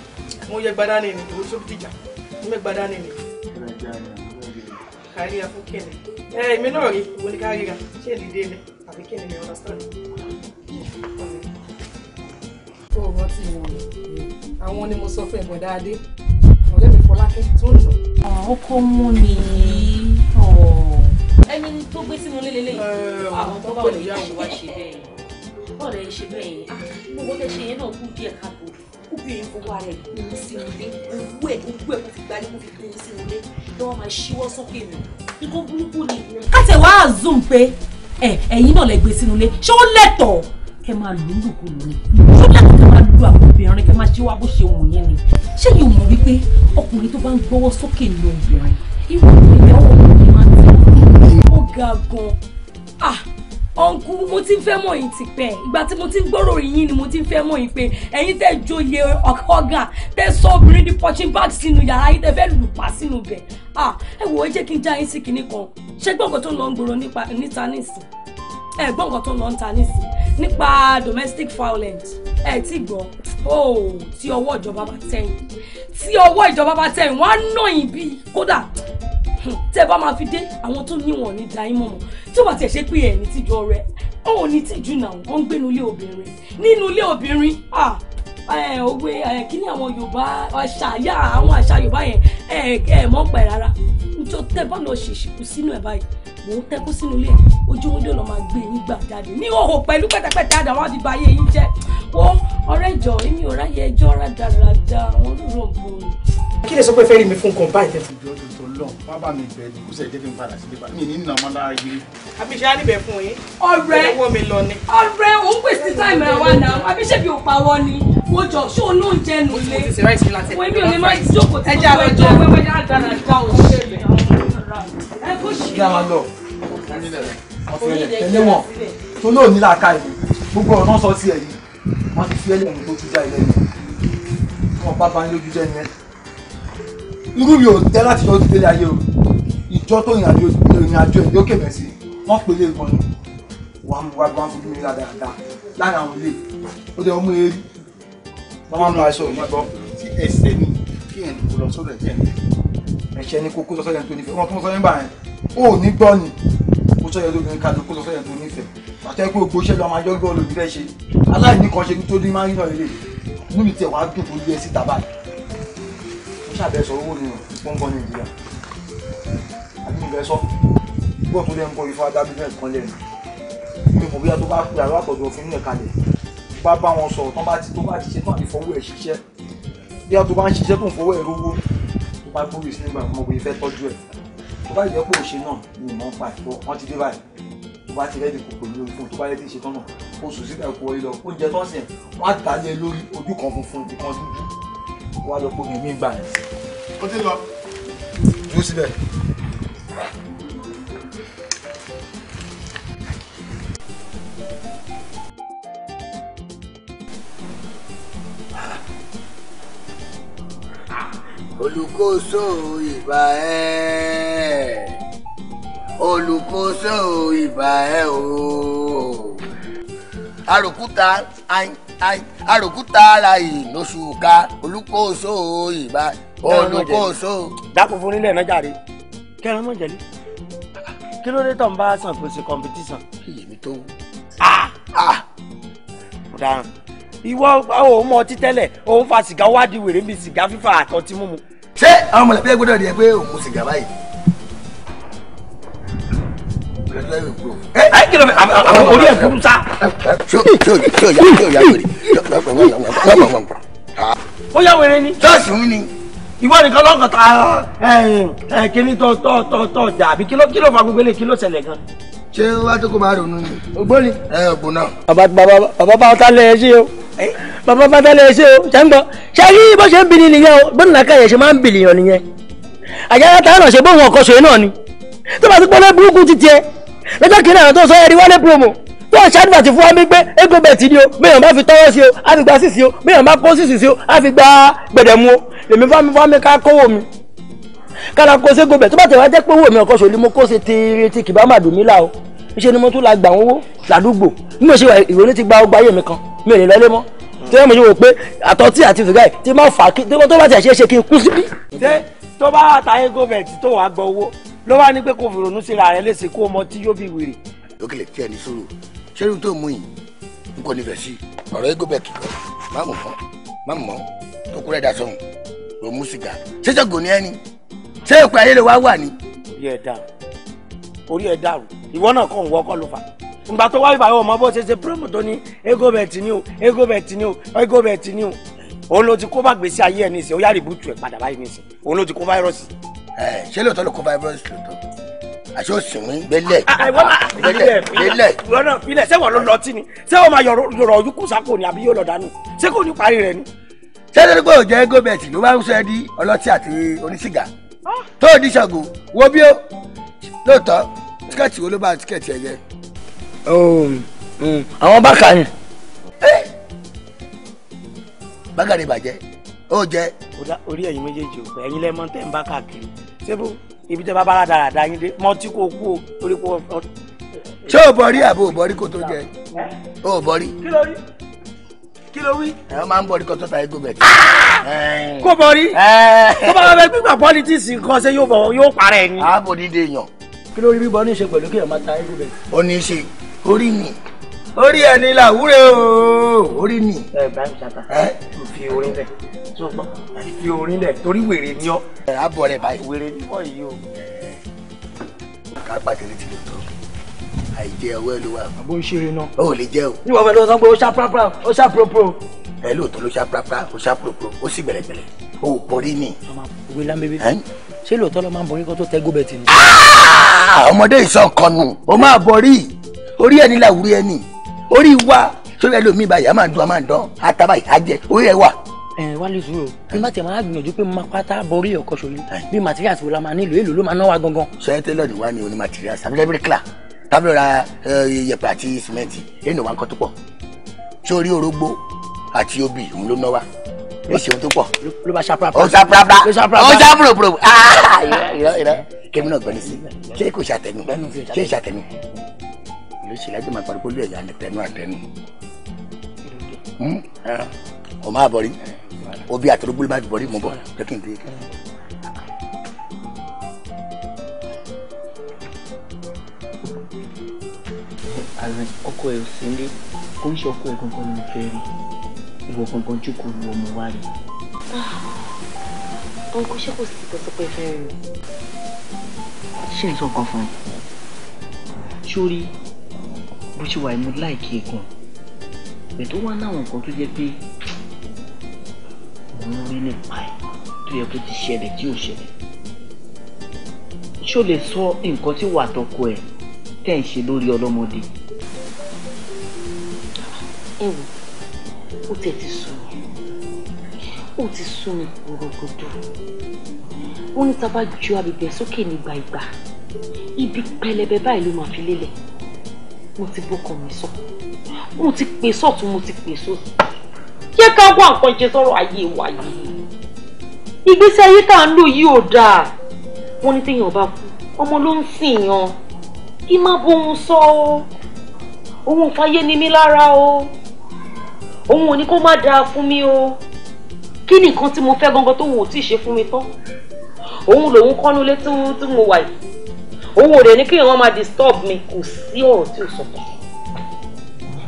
mo yẹ gbadá ni ni owó tó dìjà mo yẹ gbadá ni ni. kárí afún kẹ́ni ẹ èmi náà rí mo ní ká ríra ṣé èdè dé mi àbí kẹ́ni mi ọ̀rọ̀ sọ́ọ̀nù tó o rántí wọn àwọn ni mo sọ fún ẹ̀gbọ́n dáadé ọ̀rẹ́ mi Fọlákẹ́ tó ń nà. àwọn kò mú ni ẹni tó gbé sínú lé lélẹ́yìn eh, ah, àwọn tó bá wọlé yìí wá ṣe bẹ́ẹ̀ bọ́ọ̀lù ẹ̀ ṣe bẹ́ẹ̀ yẹn ah, gbogbo tẹ̀ ṣe yẹn náà kú díẹ̀ káàkó kóbìnrin fọwọ́ rẹ̀ kún sínú ilé owó ẹ̀ gbogbo ẹ̀ kó fi gbalẹ̀ kó fi kún sínú ilé kí wọ́n máa ṣíwọ́ sókè mi nǹkan burúkú ni. ká tẹ̀ wá zoom pé ẹ̀yin náà lẹ gbé sínú ilé ṣé ó lẹ́tọ̀ọ́ kẹ́ máa lù ú lùkulù ni ó dàbí kẹ́ máa lu àwọn obìnrin kẹ́ máa ṣe bó ṣe wù yẹn ni ṣé yìí ò wípé ọkùnrin tó bá ń gbọ́wọ́ sókè ní obìnrin irú ìpínlẹ̀ ọ̀hún máa ń tẹ̀ ó ga gan ah ọ̀nkú mo ti ń fẹ́ mọ̀ yín ti ìgbà tí mo ti ń gbọ́rọ̀ yín ni mo ti ń fẹ́ mọ̀ yín pé ẹ̀yin tẹ́ joyè ọ̀gá tẹ́ sọ obìnrin di punching bag sínú yàrá yín tẹ́ fẹ́ lù pa sínú bẹ̀ ah ẹ wò ó jẹ́ kí n já yín sí kinní kan ṣé gbọ́ǹkan tó ń lọ ń gbòòrò níta nísìn ẹ gbọ́ǹkan tó ń lọ ń ta nísìn nípa domestic violence ẹ ti gbọ́ o tí ọwọ́ ìjọba bá tẹ̀yìn tí ọwọ́ ìjọba bá tẹ̀yìn wọ́n á nà yín bí kódà tẹ́ bá máa fi dé àwọn tó níwọ̀n ní dayín mọ̀mọ́ tí wọ́n ti ẹ̀ ṣe pé ẹ̀ ní tìjú ọ̀rẹ́ ọ̀hún ní tìjú náà wọ́n ń gbénu ilé obìnrin nínú ilé obìnrin òwe kí ni àwọn yorùbá àṣà àwọn àṣà yorùbá yẹn ẹ̀ mọ́ pẹ̀ rárá nítorí tẹ́ bá lọ ṣèṣìkú sínú ẹ̀ báyìí wò ó tẹ́kọ́ sínú ilé ojúmọ́dé lọ́ọ́ máa gbé yín gbà jáde ní òhò pẹ̀lú pẹ́tẹ́pẹ́tẹ́ àdàwọn àdìbò ayé yín jẹ́ wo ọ̀rẹ́ jọ èmi ò ráyè ẹjọ́ rádaràda àwọn olùrọ̀ bò kí lè sọ pé fẹ́ẹ́ rí mi fún nǹkan báyìí tẹ́tù. ìjọ tó tó lọ wá bá mi bẹ ní kúṣẹ̀ jẹ́ kí n padà sílé mi nínú àwọn lára yìí. àbíṣe á fún yín. ọ̀rẹ́ ọ̀rẹ́ òun pèsè táìmù ẹ̀ wá náà àbíṣe bí òpá wọ ni mo jọ ṣé òun ló ń jẹnu lé. mo ti ṣe ráìsì láti ẹ̀ kí a máa lọ tẹ̀lé wọn tó lóò ní làákà yìí gbogbo ọ̀nà sọ sí ẹ̀ yìí wọ́n ti fi ẹlẹ́rìí lójú já ilé yìí wọn bá bá ń lójú jẹ́ nìyẹn irú mi ò tẹ́ láti yọ ojú délé ayé o ìjọ tó ìrìnàjò ìrìnàjò ẹ̀ yóò kébẹ̀ sí wọ́n pèlè ìkànnì wàá mú wàá fojú mi dáadáa láàrin àwọn ilé ó dẹ̀ ọmú eré wọ́n máa ń lo aṣọ òyìnbó sí ẹsẹ̀ ní kí èèyàn kó lọ sọ́dọ̀ ẹ̀jẹ̀ ẹ̀ṣẹ̀ ni kó kó lọ sọ́dọ̀ tó nífẹ̀ẹ́ wọn tó ń sọ nígbà ó ní gbọ́ ni kó sọ́yẹ lóbìnrin ká ló kó lọ sọ́dọ̀ tó nífẹ̀ẹ́ àtẹ́ pé gbogbo iṣẹ́ lọ máa yọ gbọ́ ṣe aláìní kan ṣe tó ní máa ilé inú mi tiẹ̀ wá dùn tó yẹ síta báyìí ó ṣàbẹ̀sọ owó ni ó ń bọ Nàìjíríà àbí ìbẹ̀sọ gbọ́ tó lẹ́ ń bọ ifá dábìlẹ̀ kan lẹ́nu bí a tó bá ń ṣiṣẹ́ tó ń fọwọ́ ẹ̀ rówó tó bá gbórí sí nígbà kan bóyá fẹ́ tọ́jú ẹ̀ tó bá yẹ kó o ṣe náà ni ìmọ̀ ń pa ẹ̀kọ́ wọ́n ti dé báyìí tó bá ti rẹ́ẹ̀dì kò pẹ̀lú lórí fún tó bá rẹ́ẹ̀dì ṣe tán náà oṣù síta ẹ̀kọ́ wọlé lọ oúnjẹ tó ń sìn wọ́n á dà lé lórí ojú kan funfun ibi dúdú wọ́n á lọ pé mi gbà yẹn. ó ti lọ. dúró síbẹ̀. olùkóso ìbà ẹ olùkóso ìbà ẹ o. àròkúta àròkúta ara ìlóṣù ká olùkóso ìbà olùkóso. dákun fún nílẹ̀ náà jàre kẹrin mọ̀ jẹ́lí kí ló dé tó ń bá sàn kó ṣe kọ̀mpìtísàn. kí yèmí tó wù. ah ah mo ìwọ ò mọ ọtí tẹ́lẹ̀ òun fa sìgá ó wá di wèrè bíi sìgá fífa àtọtí mímu. ṣé àwọn mọ̀lẹ́bí ẹgbẹ́ náà rí ẹ pé òun kò sìgá báyìí. ẹ kìlọ̀ àwọn orí ẹ̀ kúrú sá. ó yà wèrè ni. ṣọ́ọ̀ṣì mi ni. ìwọ nìkan lọ́kàn ta kíní tọ́ tọ́ tọ́ tọ́ jà àbí kí ló fa gbogbo eléyìí kí ló ṣẹlẹ̀ gan-an ṣé wá tó kó máa ronú ni. ògbóni. ẹ ògbó náà. bàbá bàbá bàbá bá ọtá lẹ ẹ ṣe o. Eh, bàbá bàtàlẹ̀ ṣe o ṣe ń gbọ́ ṣe rí bó ṣe ń bìlì nìyẹn o bó nìlá káyẹ̀ ṣe máa ń bìlì yàn nìyẹn àyàrá tá a náà ṣe bóun ọkọ ṣe náà ni tó bá ti pọ́n lé burúkú ti tiẹ̀ lọ́jọ́ kìnìún àwọn tó sọ ẹ̀rí wálé promo tó ṣàdùbà ti fún wa mi pé ego bẹ̀ ti ni o béèyàn bá fi tọ́wọ́ sí o á fi gba sísì o béèyàn bá kó sísì sí o á fi gba gbẹ̀dẹ̀mu o lèmi fámi fámi ká kówó mi kára kó ségo bẹ̀ tó bá tẹ̀ wá jẹ́ pé owó mi ọkọ̀ ṣòlí mo kó ṣe tèrè ti kìbá màdùmí là o ṣe ni mo tún la gbà wọn wó ládùúgbò bí mo ṣe wà ìrònú ti gba ọgbà ayé mi kan mi ò ní lọlé mọ́ tí wọ́n mọ̀ ṣe wò pé àtọ́tí àti fìgá ẹ̀ tí máa fà kí tó bá ti àṣẹ ṣe kí n kú síbí. ṣé tó bá àtàyè gọ́ọ̀mẹ̀ntì tó wàá gbọ́ owó ló wá ní pé kò fi rònú síra rẹ̀ léṣe kó mọ tí yóò bí wèrè. lókèlè tí ẹni sọ̀rọ̀ ṣẹ́yìn tó mú yìí n kò nífẹ̀ẹ́ sí ọ̀rọ̀ egobẹ̀kì kan má mọ̀ fún má mọ̀ tó kúrẹ́ da sọ̀hún ló mú sìgá ṣẹ́ṣẹ́ gò ní ẹni ṣé ìpè ayé lè wá wà ní. orí ẹ̀ dàrú orí ẹ̀ dàrú ìgbà tó wáyé báyìí ọmọ bó ṣe ṣe promo tó ní egobet ni o egobet ni o egobet ni o òun ló ti kó bá gbèsè ayé ẹ nísìn ó yá rìbútù ẹ padà báyìí nísìn òun ló ti kó fáírọ́ọ̀sì. ẹ ṣé lóòótọ́ ló kó fáírọ́ọ̀sì lóòótọ́ àṣé òsì mi gbélé gbélé gbélé. ìwọ ah, ṣé wọn ló lọ tí ni ṣé wọn máa yọrọ ojú kùsàkó ni àbí yóò lọ dànù ṣé kò ní parí rẹ ni. ṣé lórí pé òjẹ́ gómẹ̀tì ló máa ń sọ ẹ́ di ọlọ́tí àti oníṣìgá ah. tó o ní ṣàgò wo bí ó lóòótọ́ tíkẹ́ẹ̀tì wo ló bá tíkẹ́ẹ̀tì ẹ̀ jẹ́ Um, um, àwọn bákà ni. Eh! bákà ni bàjẹ́ ó jẹ́. orí ẹ̀yin méjèèjì o ẹ̀yin lẹ́mọ tẹ̀ ń bá káàkiri ṣébó ibi tẹ́ bá bára dáradára yín dé mọtí kò kú o orí kò. ṣé o bọ̀rí àbò o bọ̀rí kò tó jẹ eh? o bọ̀rí. kí ló rí kí ló wí. ẹ máa ń bọ̀rí kó tó ta ego bẹ̀. Ah! kó bọ̀rí eh! kó bá bẹ gbígbà politics nǹkan ṣe yóò parẹ́ ni. ààbò dídé yàn. kí ló rí bíbọ ní í ṣe pẹ̀lú kí ẹ máa ta ego bẹ̀. ó ní í ṣe orí ni orí ẹ ní làwúrẹ́ ooo orí ni. ẹ Ibrahim Chatta ẹ fi orin lẹ tó gbọ́ fi orin lẹ torí wèrè ni ọ. ẹ abọ rẹ báyìí wèrè ni wọ́n yìí o. ká pàtẹ́lẹ̀ ti lè tọ́ àìjẹ ọwọ́ ẹ ló wà. àbó ń ṣeré náà. ó lè jẹ o. ní wọ́n fẹ́ lọ sọ pé ó ṣá pàápàá ó ṣá pòròpòrò. ẹ lóòótọ́ ló ṣá pàápàá ó ṣá pòròpòrò ó sì gbẹ̀lẹ̀gbẹ̀lẹ̀ o ò borí ni. òwe lámbébé ṣé lóòótọ́ ló máa ń borí kó tó tẹ́ gómẹ̀tì ni. ọmọdé ìṣọ̀kan nù ó máa borí orí ẹni làwúrí ẹni orí wa sórí ẹlòmíì báyìí a máa dùn a máa dán àtàbà ìhàjẹ orí ẹ wà. ẹ wá lè sùúrù bí má tẹ̀ máa gbìyànjú pé máa pátá borí ọkọ ṣòlù bí material ti wo la máa nílò èlò ló máa ná wa gangan. sọyẹ tẹlẹ ni wa ni oní material sàbílẹ bíríkìlà tábìlì ra yẹ̀pẹ̀ àti sìmẹ́ǹtì èèyàn wa ń kọ́ tó pọ̀ sórí orógbó àti obì òun ló ná wa ó ṣe tó pọ̀. ló bá ṣàpàpà ó ṣàpàpà ó ṣàpàpà ah, kẹ́mi náà gbẹ́ni ṣé kò ṣàtẹ̀mí ṣé ṣàtẹ̀mí ló ṣe lájọ máa parí pólú ẹ̀yà ni tẹnu àtẹnu ọmọ hmm? àbọ̀rí ah, obi àtọ́rọ́gbóló máa bọ̀rí mú bọ̀ lẹ́kìn dé. ọkọ ẹ ò sí ilé kó ń ṣe ọkọ ẹ gangan ló ń fẹ́ rí ìwọ gangan jókòó lu ọmọ wa rí. ọkọ ah, ṣé kò sí ìtọ́sọ́pẹ́ fẹ́ rí o. ṣé n sọ kan fún ẹ bó ṣe wà mo láìkí e gan bẹ̀ tó wá náwọn nǹkan tó jẹ́ pé òun rí nípa ẹ̀ tó yẹ kó ti ṣẹlẹ̀ tí ò ṣẹlẹ̀ ṣó lè sọ nǹkan tí wà tọkọ ẹ̀ tẹ̀ ń ṣe lórí ọlọ́mọdé. ẹ wò ó tẹ̀ ti sùn ó ti sún mi gbòrògbòdò wọn ní tá a bá ju abìbẹ̀ sókè nígbà ìgbà ibi pẹlẹbẹ báyìí ló máa fi lélẹ̀ mo ti bókan mi sọ mo ti pè sọ́tún mo ti pè sósì yẹ ká wá nǹkan jẹ sọ̀rọ̀ ayé wa yìí ìgbésí ayé tá à ń lò yìí ò dáa wọ́n ní téèyàn bá kú ọmọ ló ń sìn yan kí má bóun sọ o òun ò fàyè ni mí lára o òun ò ní kó má dáa fún mi o kí ni nǹkan tí mo fẹ́ gangan tó wò ó tí ì ṣe fún mi tán òun lòun kọ́nú létí tí mo wà yìí òun ò dẹ̀ ní kí èèyàn máa disturb mi kò sí ọ̀rọ̀ tí ò sọ fún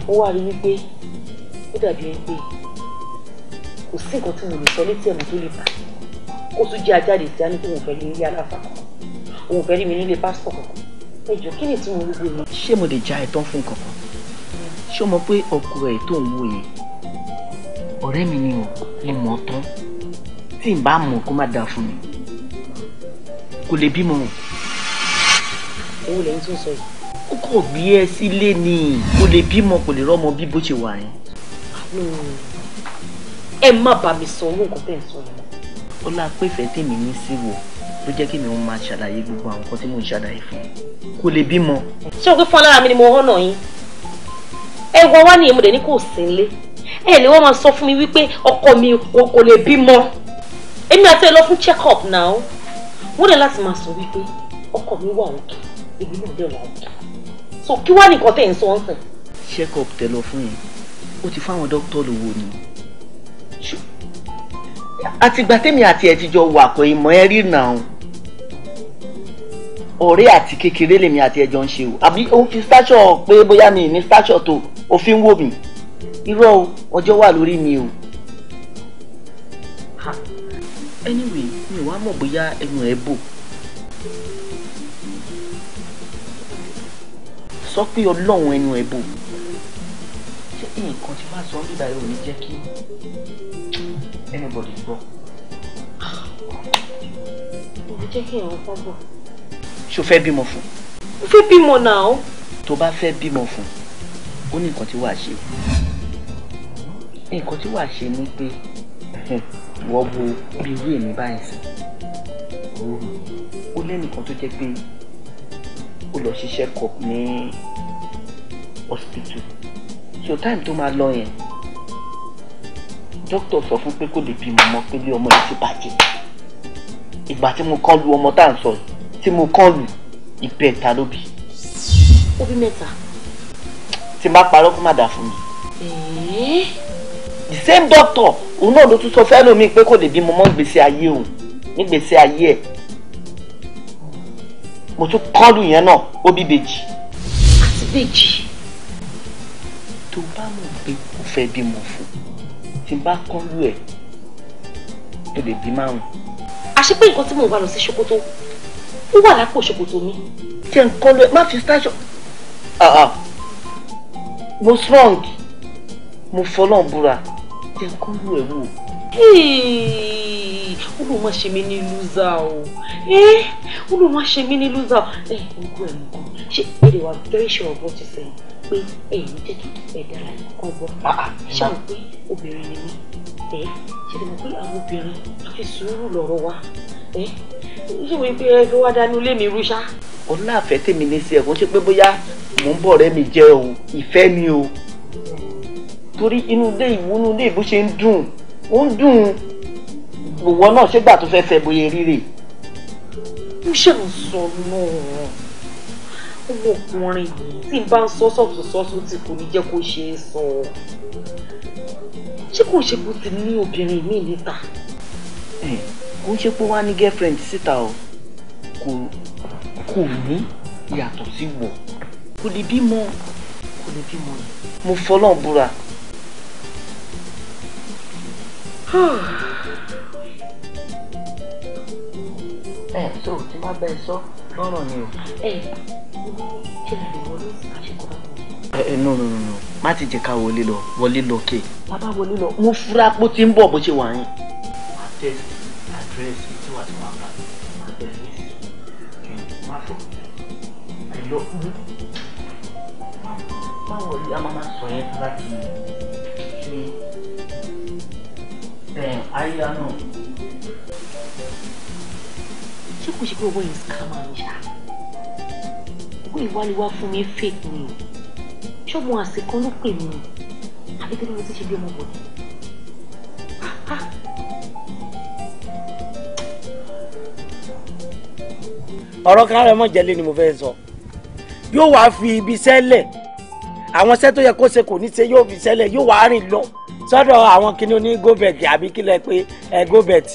ó wá rí wípé ó dàbí ẹni pé kò sí nǹkan tí mo lè sọ létí ẹ̀mọ́ tó lè bà ó tún jẹ́ ajáde tí a ní kí òun fẹ́ rí nílé aláfa kankan òun fẹ́ rí mi nílé pásítọ̀ kankan ẹjọ kí ni tí mo rí gbogbo yìí. ṣé mo lè ja ẹ̀tàn fún kankan ṣé o mọ̀ pé ọkọ ẹ̀ tó ń wo yẹn ọ̀rẹ́ mi ni mo tán tí n bá mọ̀ kó má dáa fún mi kò lè bímọ o èwo lẹ́yìn tó ń sọ yìí. ó kò gbé ẹ sílé ni kò lè bímọ kò lè rọmọ bí bó ṣe wà yẹn. ẹ má bà mí sọ owó nǹkan tẹ̀ ń sọ yìí. ó lá pé ìfẹ́ tèmi ní sí wò ló jẹ́ kí mi máa ṣàlàyé gbogbo àwọn nǹkan tí mò ń ṣàlàyé fún kò lè bímọ. ṣé o pé fún alára mi ni mo hànà yín ẹ wọ wá nìyẹn mo dẹ̀ ní kò sí nílé ẹ lè wọ́n máa sọ fún mi wípé ọkọ mi kò lè bímọ èmi àti ẹ lọ fún check up now wọ́n dẹ̀ láti máa sọ wípé ọkọ mi wà òkè èmi náà dẹ̀ wà ọ̀dà so kí wá nìkan tẹ̀ ń sọ ọ́nsìn. check up tẹ lọ fún yín ó ti fáwọn dókítà lówó ni àtìgbà tèmi àti ẹ ti jọ wà kò ìmọ̀ ẹ rí nà ó ọ̀rẹ́ àti kékeré lèmi àti ẹ jọ ń ṣe o àbí ó fi stature pé bóyá mi ní stature tó òfin wò mí irọ́ o ọjọ́ wà lórí mi o. anyway mi ò wá mọ̀ bóyá ẹnu ẹ bò sọ pé ọlọ́run ẹnu ẹ̀ bò mí ṣé nǹkan tí máa sọ ń bíbá yóò ní jẹ́ kí anybody gbọ́. òun jẹ́ kí ẹ̀wọ̀n kan bọ̀. ṣé o fẹ́ bímọ fún. mo fẹ́ bímọ náà. tó bá fẹ́ bímọ fún ó ní nǹkan tí wàá ṣe nǹkan tí wàá ṣe ni pé wọ́n wo irú èmi báyìí sí. ó lẹ́nìkan tó jẹ́ pé lọ ṣiṣẹ́ cup ní hospital so time tó máa lọ yẹn dókítà sọ fún pé kó lè bímọ mọ́ pé lé ọmọ yìí ti bàjẹ́ ìgbà tí mo kàn lu ọmọ tá à ń sọ yìí tí mo kàn lu ìbẹ́ta ló bí. ó bí mẹ́ta. tí n bá parọ́ kó má dà fún mi. the same doctor òun náà ló tún sọ fẹ́ẹ́ lómi pé kó lè bímọ mọ́ gbèsè ayé òun nígbèsè ayé ẹ̀ mo tún kọ́ọ̀lù yẹn náà ó bí bèjì. àti bèjì tó bá mọ̀ pé o fẹ́ bímọ fún tí n bá kọ́ọ̀lù ẹ̀ o lè bí márùn. àṣepé nǹkan tí mò ń wá lọ sí ṣòkòtò ó wà lápò ṣòkòtò mi. jẹ́ nǹkan lọ má fi ṣáṣọ. Ah, ah. mo strong mo fọlọ́n búra jẹ́ nǹkan lọ ẹ̀ wò yìí ó ló máa ṣe mí ní lúzà o ẹ́ ó ló máa ṣe mí ní lúzà o ẹ̀ gbogbo ẹ̀ nǹkan ṣé èdè wa very sure of what you say pé ẹ̀ ní jẹ́ kí ẹ̀dá láyé kan bọ̀ ah, ah. ṣáà pé obìnrin ni mí ẹ̀ ṣe lè mọ̀ pé àwọn obìnrin fi sùúrù lọ́rọ̀ wa ẹ̀ ṣé wọ́n pe ẹ fi wá dání ilé mi rúṣá. ó láàfẹ́ tèmi ní sí ẹ̀ kó ṣe pé bóyá mò ń bọ̀ rẹ́ mi jẹ́ o ìfẹ́ ni o torí inú ilé ìwúnú ilé ìbú ṣe ń dùn ó ń dùn ìwọ náà ṣégbà tó fẹ́ẹ́ fẹ́ bóyá rírè. mo ṣe ń sọ náà ọmọkùnrin tí n bá ń sọ sọ̀tún sọ́tún tí kò ní jẹ́ kó ṣe é sọ ṣé kò ṣe bó ti ní obìnrin mi níta. kò ń ṣe pé wàá ní girlfriend síta o kò kò ní yàtọ̀ sí wọ kò lè bímọ kò lè bímọ ni mo fọlọ́n búra. Ah. ẹ tó tí má bẹ́ẹ̀ sọ lọ́rọ̀ ni o. ẹ ṣe lè wọlé àṣekọ no no no má ti jẹ ká wọlé lọ wọlé lọ ké. bàbá wọlé lọ mo fura pé ó ti ń bọ̀ bó ṣe wà yẹn. má tẹ̀sí àdírẹ́sì tí wàá ti wà bá má tẹ̀sí má fọ àìlọ má wọlé a máa sọ yẹn láti ṣe bẹ́ẹ̀ àríyá náà ṣé kò ṣe pé owó yẹn scammer ni ṣá owó ìwáliwá fún mi fake ni o ṣọ́ọ̀bù àsìkò ló pè mí àbí kí ló ti ṣe bí ọmọ ọ̀rọ̀ kan rẹ̀ mọ̀ jẹ́lé ni mo fẹ́ sọ yóò wá fi ibi sẹ́lẹ̀ àwọn iṣẹ́ tó yẹ kó ṣe kò ní ṣe yóò fi sẹ́lẹ̀ yóò wá rìn lọ sọ́dọ̀ àwọn kìnìún ní gobet àbí kílẹ̀ pé ẹ gobet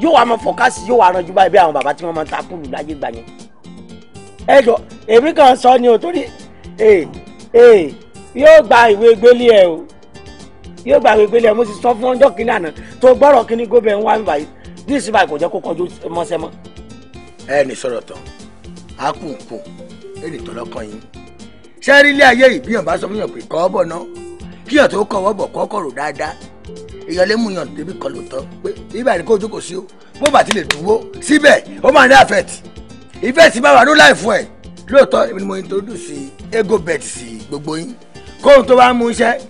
yóò wá mọ fọkásì yóò wá ranjú báyìí bí àwọn bàbá tí wọ́n máa ń ta kúlù láyé gbà yẹn. ẹ jọ èmi kan sọ ni o torí ee ee yóò gba ìwé gbélé ẹ o yóò gba ìwé gbélé ẹ mo sì sọ fún ọjọ́ kìíní àná tó gbọ́rọ̀ kíní gómìnà ń wá mi báyìí bí ìsìn báyìí kò jẹ́ kó kọjú mọ́sẹ́ mọ́. ẹ ní sọ̀rọ̀ tán a kù kù èrè tọ́lọ́kàn yín ṣé rí ilé ayé ìbíyàn bá sọ fún yàn pé kọ́ ọ́ bọ̀ ná kíyàn tó kọ́ ọ́ bọ̀ kọ́kọ́rò dáadáa èèyàn lè mú yàn débi kan ló tán pé ibà ní kó jókòó sí o bó bàtí lè dúró síbẹ̀ ó máa ní affect ìfẹ́ sì wà ní láì fún ẹ̀ lóòótọ́ èmi ni mo introduce ego bet sí gbogbo yín kóhun tó bá mú iṣẹ́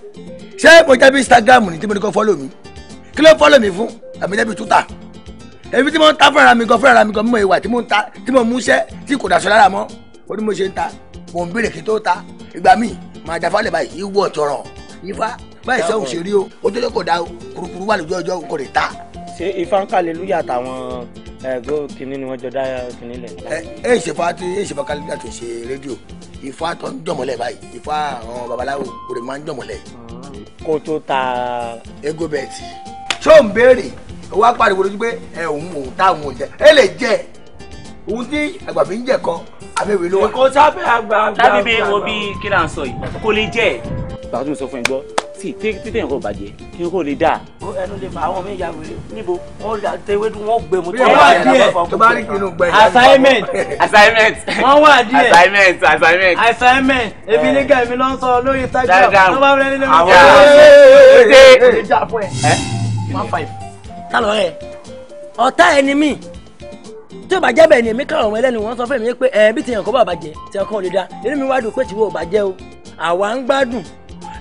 ṣé mo jẹ́ bí Instagram ní tí mo ní kó follow mi kí ló follow mi fún àmì jẹ́ bí Twitter èmi tí mo ń ta fúnra mi gan fúnra mi gan mímọ ìwà tí mo ń ta tí mo mú iṣẹ́ tí kò dàsọ lára mọ́ ó ní mo ṣe ń ta mò ń bèrè kí tó ta ìgbà míì màá jà fálẹ̀ báyìí ìwọ ọ̀tọ̀ràn yín báyìí sẹ́wọ̀n ṣe rí o ó délé kò dá o kurukuru wà lójú ọjọ́ kò lè ta. ṣé ifá ń kàlélúyà táwọn ẹgbẹ́ kìnní ni wọ́n jọ dá kìnní lẹ̀. ẹ ẹ ìṣèfà tí ẹ ìṣèfà kàlélúyà tó ṣe rédíò ifá tó ń jọmọlẹ báyìí ifá àwọn babaláwo kò lè máa ń jọmọlẹ. Hmm. kó tó ta. ego bẹẹti ṣó ń béèrè wá pariwo lójú pé ẹ òun òun táwọn òun jẹ ẹ lè jẹ òun tí àgbà mi ń jẹ kan àbẹ̀wé ló wà. èkó sábẹ́ àgbà àgbà àgbà. lábíbi wo bí kí là ń sọ yìí kò lè jẹ́ ẹ̀. fún ẹ sí tí tẹ̀yìn kò bàjẹ́ kí n kò lè dà. ẹnu lè fa àwọn méjì àwòrán níbo wọn là tẹwé tí wọn gbẹmú. wọn wà díẹ̀ tó bá rí kinu gbẹ. assignment assignment wọn wà díẹ̀ assignment assignment assignment eh. èmi ní gàmí ló ń sọ lórí instagram wọn bá wọlé nílé mi. àwọn ọmọ ìjà fún ẹ. one five. kálọ̀ ẹ̀ ọ̀tá ẹni mi tí o bá jẹ́ bẹ́ẹ̀ ni èmi kàn ọ̀rọ̀ ẹlẹ́nu wọn sọ fún mi pé ẹ̀ bí tiyàn kó bá bàjẹ́ tiyàn kan ò lè da nínú mi wá dùn pé tìwọ́ ò bàjẹ́ o àwa ń gbádùn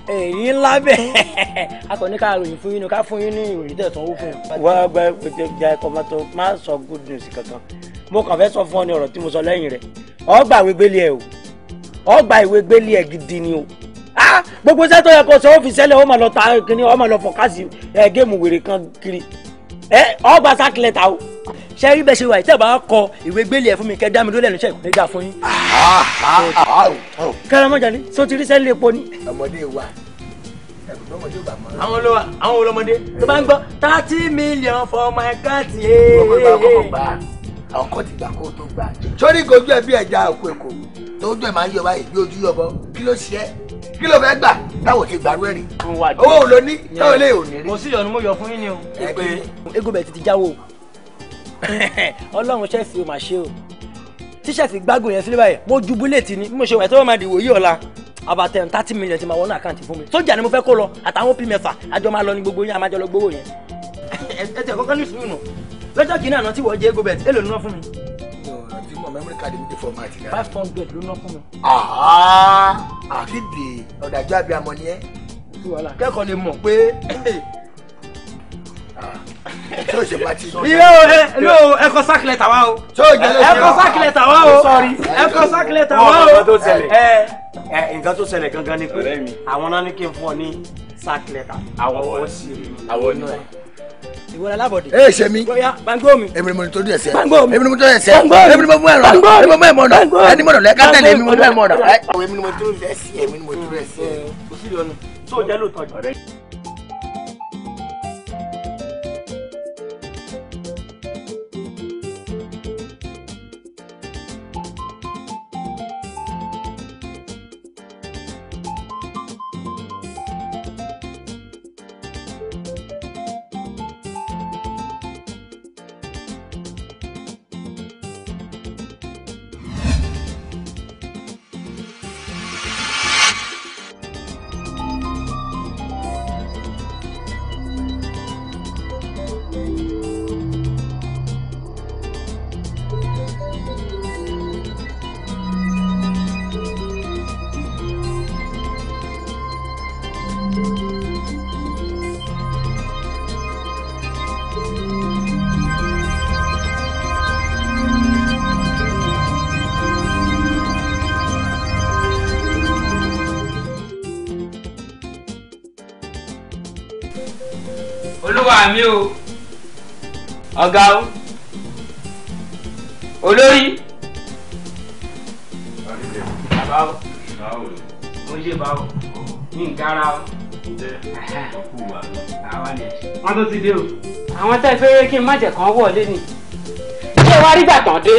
èyí ńlá bẹ́ẹ̀ a ka ní ká ròyìn fún yín ni ká fún yín ní ìròyìn tẹ̀ fún good news kankan mo kàn fẹ́ sọ fún ọ ní ọ̀rọ̀ tí mo sọ lẹ́yìn o gba ìwé gbélé ẹ o o gba gbogbo iṣẹ́ tó yẹ o ma lọ ta kiri o ma lọ géèmù wèrè kan kiri ẹ gba ta o. ṣe rí bẹ́ẹ̀ ṣe wà yìí tẹ́ ẹ bá kọ ìwé gbélé ẹ̀ fún mi kẹ́ dá mi lólẹ̀ níṣẹ́ ìkùnlé dà fún yín. kẹrẹmọjà ni sọ ti rí sẹ́ńlẹ̀ epo ni. ọmọdé wa àwọn olówó àwọn olómọdé tó bá ń gbọ́ thirty million for my cat. gbogbo ìgbà kọ́kọ́ gbà àwọn kan ti gbà kó tó gbà. sórí ìgòjú ẹ bí ẹja òkú èkó tó dùn ẹ máa ń yọ báyìí bí ojú yọbọ kí ló ṣe é kí ló fẹ́ gbà táwọn ti gbàrú ẹ̀rí owó ò lóní táwọn ilé ò ní rí. mo sì yọnu mo yọ fún yín ni o. ẹgbẹ́ egobẹ̀ ti ti jáwọ́ o. ọlọ́run ṣẹ́ẹ̀sì ó máa ṣe o tíṣẹ̀sì gbágun yẹn sílẹ̀ báyìí mo ju búlẹ̀tì ni mo ṣe wà tó máa dìwò yí ọ̀la about ten eh, thirty million ti máa wọnú àkáǹtì fún mi sójà ni mo fẹ́ kó lọ àtàwọn òpin mẹ́fà àjọ máa lọ ní gbogbo yín àmàjọ lọ gbowó yẹn. ẹ tẹ kọ́kọ́ ní sùúrù nù lọ́jọ́ kìíní àná tí wọ́n jẹ́ gobet èlò ló ná fún mi. àti mo memory card mi ti format náà. five hundred ló ná fún mi. àfi dè ọ̀dàjọ́ àbí amọ̀ ni ẹ kẹ́kọ̀ọ́ lè mọ̀ pé tó ṣe bá ti lọ. ilé o ilé o ẹkọ sákìlẹ̀ tàwa o. tó jẹ lóṣèlú ẹkọ sákìlẹ̀ tàwa o. sọrí ẹkọ sákìlẹ̀ tàwa o. nǹkan tó ṣẹlẹ̀ nǹkan tó ṣẹlẹ̀ gangan ni pé àwọn náà ní kí n fọ ní sákìlẹ̀ tà. àwọn ọwọ́ sí i àwọn inú ẹ̀ ìwọ alábọ̀dé. ẹ ṣe mi. bóyá bango mi. èmi ni mo tó dùn ẹsẹ. bango mi. èmi ni mo tó dùn ẹsẹ. bango mi. èmi ni mo mú ẹ̀rọ. bango mi. èmi ni mo mú ẹ̀mọ náà. bango mi. ẹni mo nà lẹ kátẹ́lẹ̀ èmi mo mú ẹ̀mọ náà. èmi ni mo tó dùn ẹsẹ. èmi ni mo tó dùn ẹsẹ. kò sí tó jẹ́ lóòótọ́ jù. ọ̀gá mi o ọ̀gá o olórí. bàbá o mo ṣe báwo ní ìkárà o. wọ́n tó ti dé o. àwọn tẹ́ fẹ́ kí n má jẹ̀ kán wọlé ni. ṣé wàá rí gbàtàn dé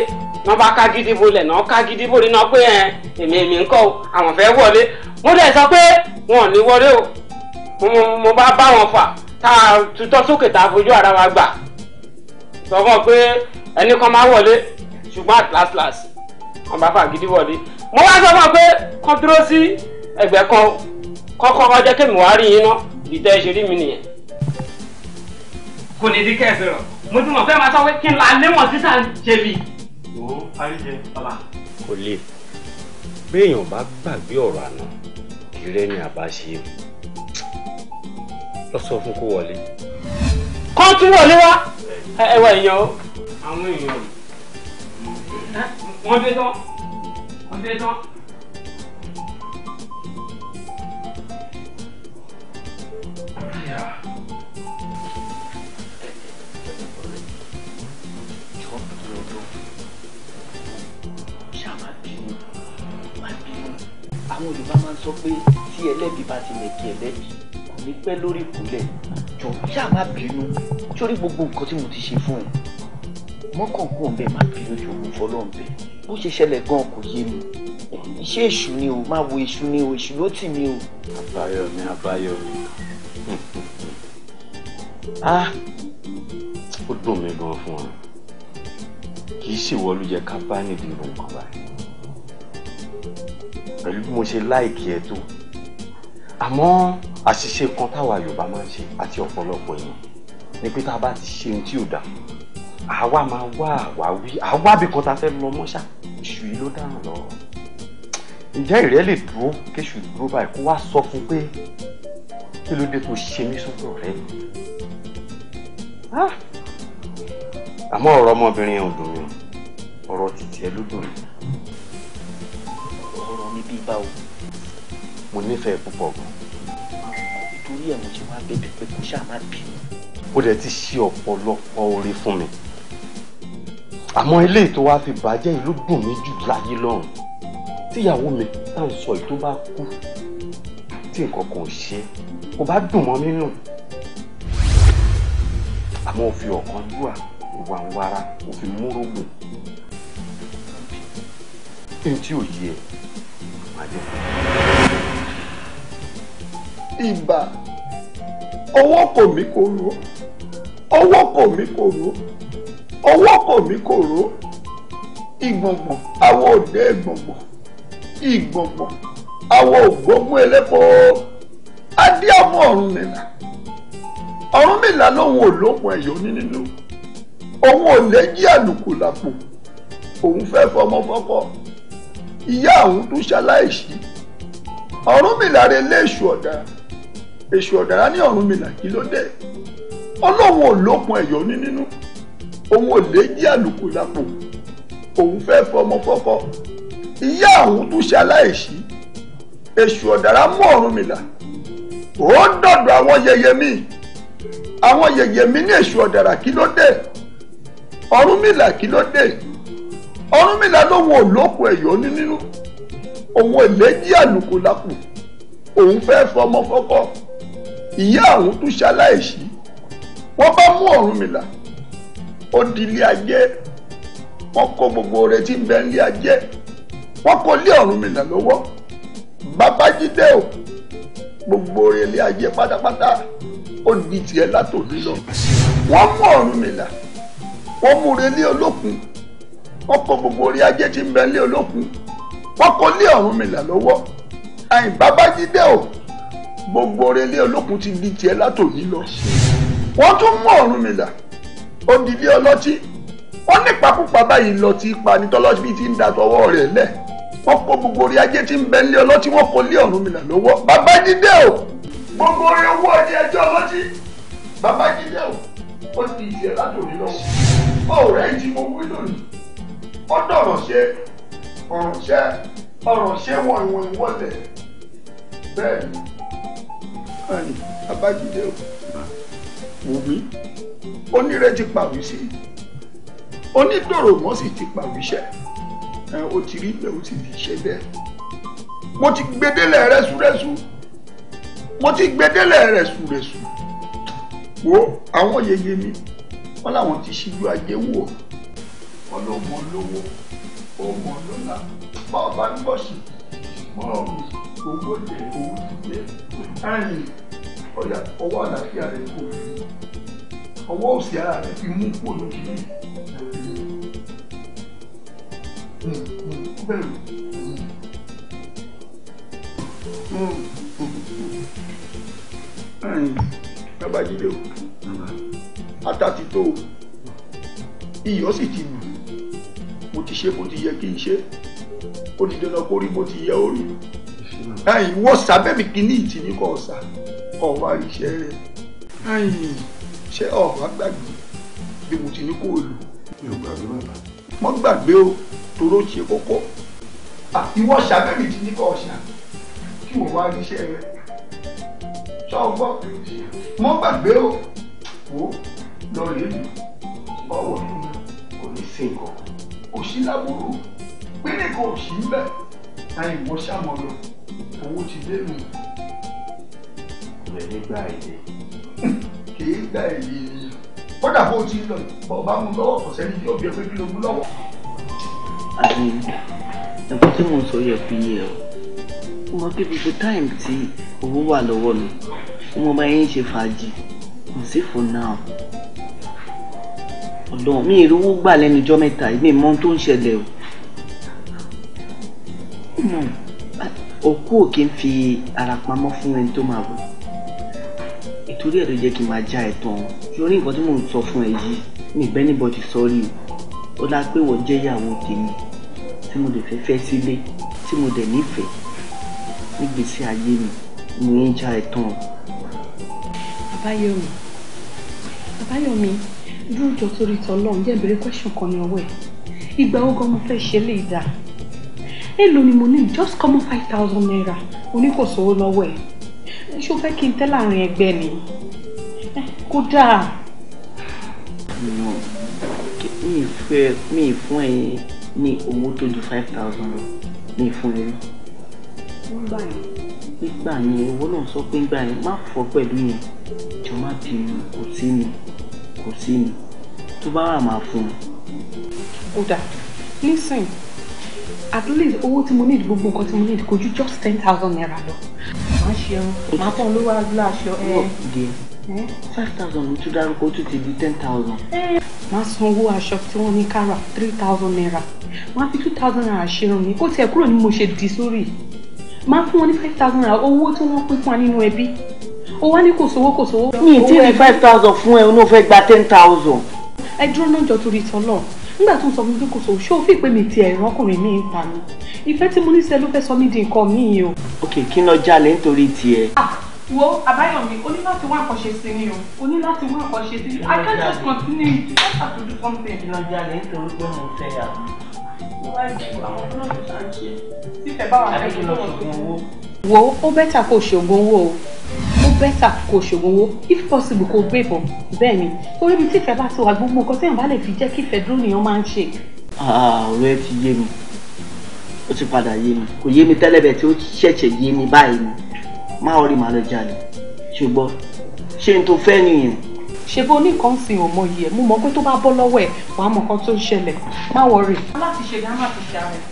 wọ́n bá ká gidi bolẹ̀ náà ká gidi bolẹ̀ náà pé ẹ̀ èmi èmi ń kọ́ o àwọn fẹ́ wọlé mo dẹ̀ sọ pé wọn ò ní wọlé o mo bá bá wọn fà tá a tutọ́ sókè tá a fojú ara wa gbà sọ fún ọ pé ẹni kan máa wọlé ṣùgbọ́n atlas wọn bá fà gidi wọlé mo wá sọ fún ọ pé kọ́ dúró sí ẹgbẹ́ kan kọ́kọ́ ọjọ́ kí mi wá rí yín ná ìdíjẹ́ ìṣeré mi nìyẹn. kò ní di kẹ́ẹ̀sì rọ mo ti mọ̀ fẹ́ máa sọ pé kí n la lé sísà jẹ̀bi. o àríjẹ bàbá. kò lè béèyàn bá gbàgbé ọ̀rọ̀ àná ìrẹ́ ni àbá ṣe lọ sọ fún kó wọlé. kọ́ tún wọlé wá ẹ wá èèyàn o. àwọn èèyàn wọ́n dé tán wọ́n dé tán. àwọn Yorùbá máa ń sọ pé tí ẹlẹ́bi bá ti lè kí ẹlẹ́bi ní pẹ́ lórí ìkúnlẹ̀ jọ ṣáà má bínú sórí gbogbo nǹkan tí mo ti ṣe fún ẹ mọ́kànkún ọ̀bẹ má bínú jọ mo fọlọ́ ọ̀bẹ bó ṣe ṣẹlẹ̀ gan kò yé mi iṣẹ́ èṣù ni o máa wo èṣù ni o èṣù ló tì mí o. àbáyọ mi àbáyọ mi ah ó dùn mí gan fún ọ kì í ṣèwọ ló yẹ ká bá nídìí irun kan báyìí pẹ̀lú bí mo ṣe láìkí ẹ tó àmọ́ àṣìṣe kan táwa Yorùbá máa ń ṣe àti ọ̀pọ̀lọpọ̀ èèyàn ni pé tá a bá ti ṣe ohun tí ò dáa àwa máa wá àwáwí àwábì kan tá a fẹ́ lọ mọ́ṣá èṣù yìí ló dáràn lọ. ǹjẹ́ ìrẹ́ lè dúró kéṣù dúró báyìí kó wá sọ fún pé kí ló dé tó ṣe mí sókè ọ̀rẹ́ mi. Ah! àmọ́ ọ̀rọ̀ ọmọbìnrin ò dùn mí ọ̀rọ̀ títí ẹ ló dùn mí. ọ̀rọ̀ mi bíi báwo mo nífẹ̀ẹ́ púpọ̀ gan. ìtorí ẹ̀ mo ṣe wá bèbè pé kó ṣáà má bì. ó dẹ̀ ti ṣe ọ̀pọ̀lọpọ̀ oore fún mi àmọ́ ilé tó wá fi bàjẹ́ ìlú dùn mí jù láyé lọ́rùn tíyàwó mi tá ń sọ ìtó bá kú tí nǹkan kan ò ṣe kò bá dùn mọ́ mi nù àmọ́ ò fi ọ̀kan dúà ìwà ń wara ò fi múrógùn ní tí ò yẹ ẹ̀ máa jẹ́ ibà ọwọ́ kò mí kò ró ọwọ́ kò mí kò ró ọwọ́ kò mí kò ró ìgbọ̀ngbọ̀n awọ òde ìgbọ̀ngbọ̀n ìgbọ̀ngbọ̀n awọ ògbógun elépo adéamọ ọ̀run nìlà ọ̀run nìlà lòun ò lókun ẹ̀yọ́ nínú òun ò léjì àlùkò làpò òun fẹ́ fọmọ fọ́kọ́ ìyá àwọn tó ṣaláìsí ọ̀run nìlà rẹ̀ léṣù ọ̀daràn èṣù ọ̀dàrà ní Ọ̀rúnmìlà kí ló dé ọlọ́run ò lókun ẹ̀yọ́ ní nínú òun ò lè jí àlùkò lápò òun fẹ́ fọmọ fọ́fọ́ ìyá àwọn tún ṣe aláìsí èṣù ọ̀dàrà mú Ọ̀rúnmìlà ó dọ̀dọ̀ àwọn yẹyẹ mi àwọn yẹyẹ mi ní èṣù ọ̀dàrà kí ló dé Ọ̀rúnmìlà kí ló dé Ọ̀rúnmìlà lòun ò lókun ẹ̀yọ́ ní nínú òun ò lè jí àlùkò lápò òun fẹ́ fọmọ fọ́fọ́ ìyá àwọn tún ṣaláìsí wọ́n bá mú Ọ̀rúnmìlà ó di ilé ajé wọ́n kó gbogbo rẹ̀ tí ń bẹ ilé ajé wọ́n kó lé Ọ̀rúnmìlà lọ́wọ́ Babájídé o gbogbo rẹ̀ ilé ajé pátápátá ó di tiẹ̀ látòní lọ wọ́n mú Ọ̀rúnmìlà wọ́n mú rẹ̀ lé olókun wọ́n kó gbogbo rẹ̀ ajé tí ń bẹ ilé olókun wọ́n kó lé Ọ̀rúnmìlà lọ́wọ́ Àyìn Babájídé o gbogbo orílẹ̀ olókun ti di tiẹ̀ látòní lọ. wọ́n tún mú Ọ̀rúnmìlà ó di ilé ọlọ́tí wọ́n nípakúpa báyìí lọ ti pa ní tọ́lọ́sí bíi ti ń da tọwọ́ rẹ̀ lẹ̀ wọ́n kó gbogbo orí ajé tí ń bẹ nílé ọlọ́tí wọ́n kó lé Ọ̀rúnmìlà lọ́wọ́ Babájídé o gbogbo orí owó ọdí ẹjọ́ ọlọ́tí Babájídé o ó di tiẹ̀ látòní lọ́wọ́ ọ̀rẹ́ ìtì mo wí lónìí ó dọ̀rọ̀ ṣe ọ̀rọ̀ wọ̀nyí wọ̀nyí wọ̀lẹ̀ bẹ́ẹ̀ ni abájídé wò mí onírẹ́ ti pàwí sí onídòrò mọ́ sì ti pàwí ṣẹ́ ó ti rí bẹ́ẹ̀ ó sì ti ṣe bẹ́ẹ̀ mo ti gbedele rẹ́súrẹ́sú mo ti gbedele rẹ́súrẹ́sú wo àwọn yeye mi wọ́n làwọn ti ṣíjú ajé wò wọ́n lówó ó mọ bá ọba ń bọ̀ sí ṣùgbọ́n ọ̀run owó jẹ owó jíjẹ ẹ̀yìn ọwọ́ àlàáfíà rẹ kò fi ọwọ́ òsì ara rẹ fi mú kó lójú yìí bẹ̀rù hmm, hmm, hmm. ẹ̀yìn bàbá jíde o ata ti tó o iyọ̀ sì ti lù mo ti ṣe bó ti yẹ kí n ṣe ó ti dandan kó rí bó ti yẹ ó ayin wọ́n sábẹ́mi kínní ìtìní kọ́ ọ̀sà ọ̀wá iṣẹ́ rẹ̀ ayin ṣé ọ̀wá gbàgbé bí mo ti ní kó o lò. mi ò gbàgbé bàbá. wọ́n gbàgbé o toró ṣe kókó ìwọ sábẹ́mi ìtìní kọ́ ọ̀sà kí wọ́n wá iṣẹ́ rẹ̀ sọ́gbọ́ wọ́n gbàgbé o wò lọ rèé lò ọwọ́ nínú kò ní sí nǹkan kò sí lábúrò pé nìkan ò sí ń bẹ̀ láì wọ́n sàmọ́ lọ owó ti dé nù. ìrẹ̀lẹ̀ gba èlé. kìí gba èlé ni kódà bó ti lọ bọ̀ọ̀bá mu lọ́wọ́ kò sẹ́ni yóò bí ẹ pé kí ló mú lọ́wọ́. àmì ẹ̀kọ́ tí mò ń sọ yẹ fi yé o mo mọ pé gbogbo táìmù tí owó wà lọ́wọ́ mi mo máa ń ṣe fàájì kò sí fún náà ọlọ́run mi ìrówó gbà lẹ́nu ọjọ́ mẹ́ta ìmí mọ́ tó ń ṣẹlẹ̀ o òkú ò kí ń fi ara pamọ́ fún ẹni tó máa bọ̀ ìtorí ẹ̀ ló jẹ́ kí n máa já ẹ̀tàn ṣé o ní nǹkan tí mò ń sọ fún ẹ yìí ní ìbẹ́ni bọ́ ti sọ rí o ó dá pé wọ́n jẹ́ ìyàwó tèmi tí mo lè fẹ́ fẹ́ sílé tí mo dẹ̀ nífẹ̀ẹ́ nígbésí ayé mi mo ń já ẹ̀tàn. Abáyọ̀mí Abáyọ̀mí dúró jọ torí tọ́lọ́run jẹ́ ìbéèrè question kan ní ọwọ́ ẹ̀ ìgbà ogun mo fẹ́ ṣe lè dáa èlò ni mo ní just common five thousand naira oníkòsówó lọ́wọ́ ẹ̀ ṣó fẹ́ kí n tẹ́ láàrin ẹgbẹ́ ni kódà. mi ì fẹ́ mi ì fún ẹ ní owó tó ju five thousand lọ mi ì fún ẹ rí. nígbà yẹn. nígbà yẹn owó náà sọ pé nígbà yẹn má fọ pẹ̀lú yẹn jọ má bínú kò sí mi kò sí mi tó bá wà máa fún un. kódà nísìnyí at least owó tí mo need gbogbo nǹkan tí mo need kò ju just ten thousand naira lọ. màá ṣe ọ màá tán olówó agbá aṣọ ẹ. five thousand ló tún dárúkọ ó tún ti di ten thousand. màá san owó aṣọ tí wọ́n ní kára three thousand naira màá fi two thousand naira ṣerun mi kó tiẹ̀ kúrò ní mo ṣe di sórí máa fún wọn ní five thousand naira owó tí wọ́n pín fún wa nínú ẹbí ó wá ní kò sówó kò sówó. mi ì tí ì ní five thousand fún ẹ o ní o fẹ́ gba ten thousand. ẹ dúró náà jọ torí tọ́lọ̀ nígbà tó ń sọ fún mi pé kò sọ ṣé o fi pé mi ti ẹ̀rọ ọkùnrin mi ń ta mi ìfẹ́ tí mo ní sẹ́ ló fẹ́ sọ mí di nǹkan mi yìí o. ok kí lọ jalè nítorí tiẹ̀. wo àbáyọ̀mí o ní láti wá àkànṣe sí ni o o ní láti wá àkànṣe sí i can't just continue you just have to do something. kí lọ jalè nítorí pé mo fẹ́ yà wo ó bẹ́tà kó ṣe ògùn owó o bẹ́tà kò ṣòwòwò if possible kò gbé bọ̀ bẹ́ẹ̀ ni torí ibi tí ìfẹ́ bá ti wà gbogbo nǹkan téèyàn bá lè fi jẹ́ kí ìfẹ́ dúró nìyẹn máa ń ṣe. Ah, ọ̀rẹ́ ti yé mi ó ti padà yé mi kò yé mi tẹ́lẹ̀ bẹ́ẹ̀ tí ó ṣẹ̀ṣẹ̀ yé mi báyìí ni má ọ̀rẹ́ màá lọ jalè ṣùgbọ́n ṣé n tó fẹ́ nìyẹn ṣe bó ní nǹkan sìn òmò yìí ẹ mú mọ pé tó bá bọ́ lọ́wọ́ ẹ wà á mọ nǹkan tó ń ṣẹlẹ̀ má wọrí. láti ṣe dá má fi ṣe àrùn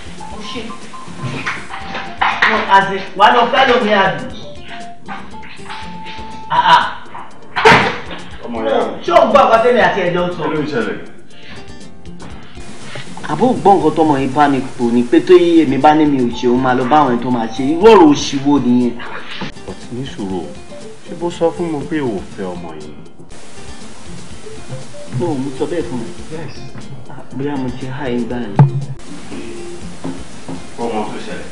ó wàá lọ fẹ́ lómi àdùn. Ah, ah. ọmọ ìyá mi. ṣé o gbọ́ àgbà tẹ́lẹ̀ àti ẹ̀jọ́ ń sọ. kí ló ń ṣẹlẹ̀? àbó gbọ́ nǹkan tọmọ yìí bá mi tò ní pé tó yí èmi bá ní mi ò ṣe òun máa lọ bá àwọn tó máa ṣe irú ọ̀rọ̀ òṣìwò nìyẹn. ọ̀tí níṣòro ṣé bó sọ fún mi pé ò fẹ́ ọmọ yìí. mo ò mú sọ bẹ́ẹ̀ fún mi. Ah, bóyá mo ti há yín gbà yín. ọmọ tó ṣẹlẹ̀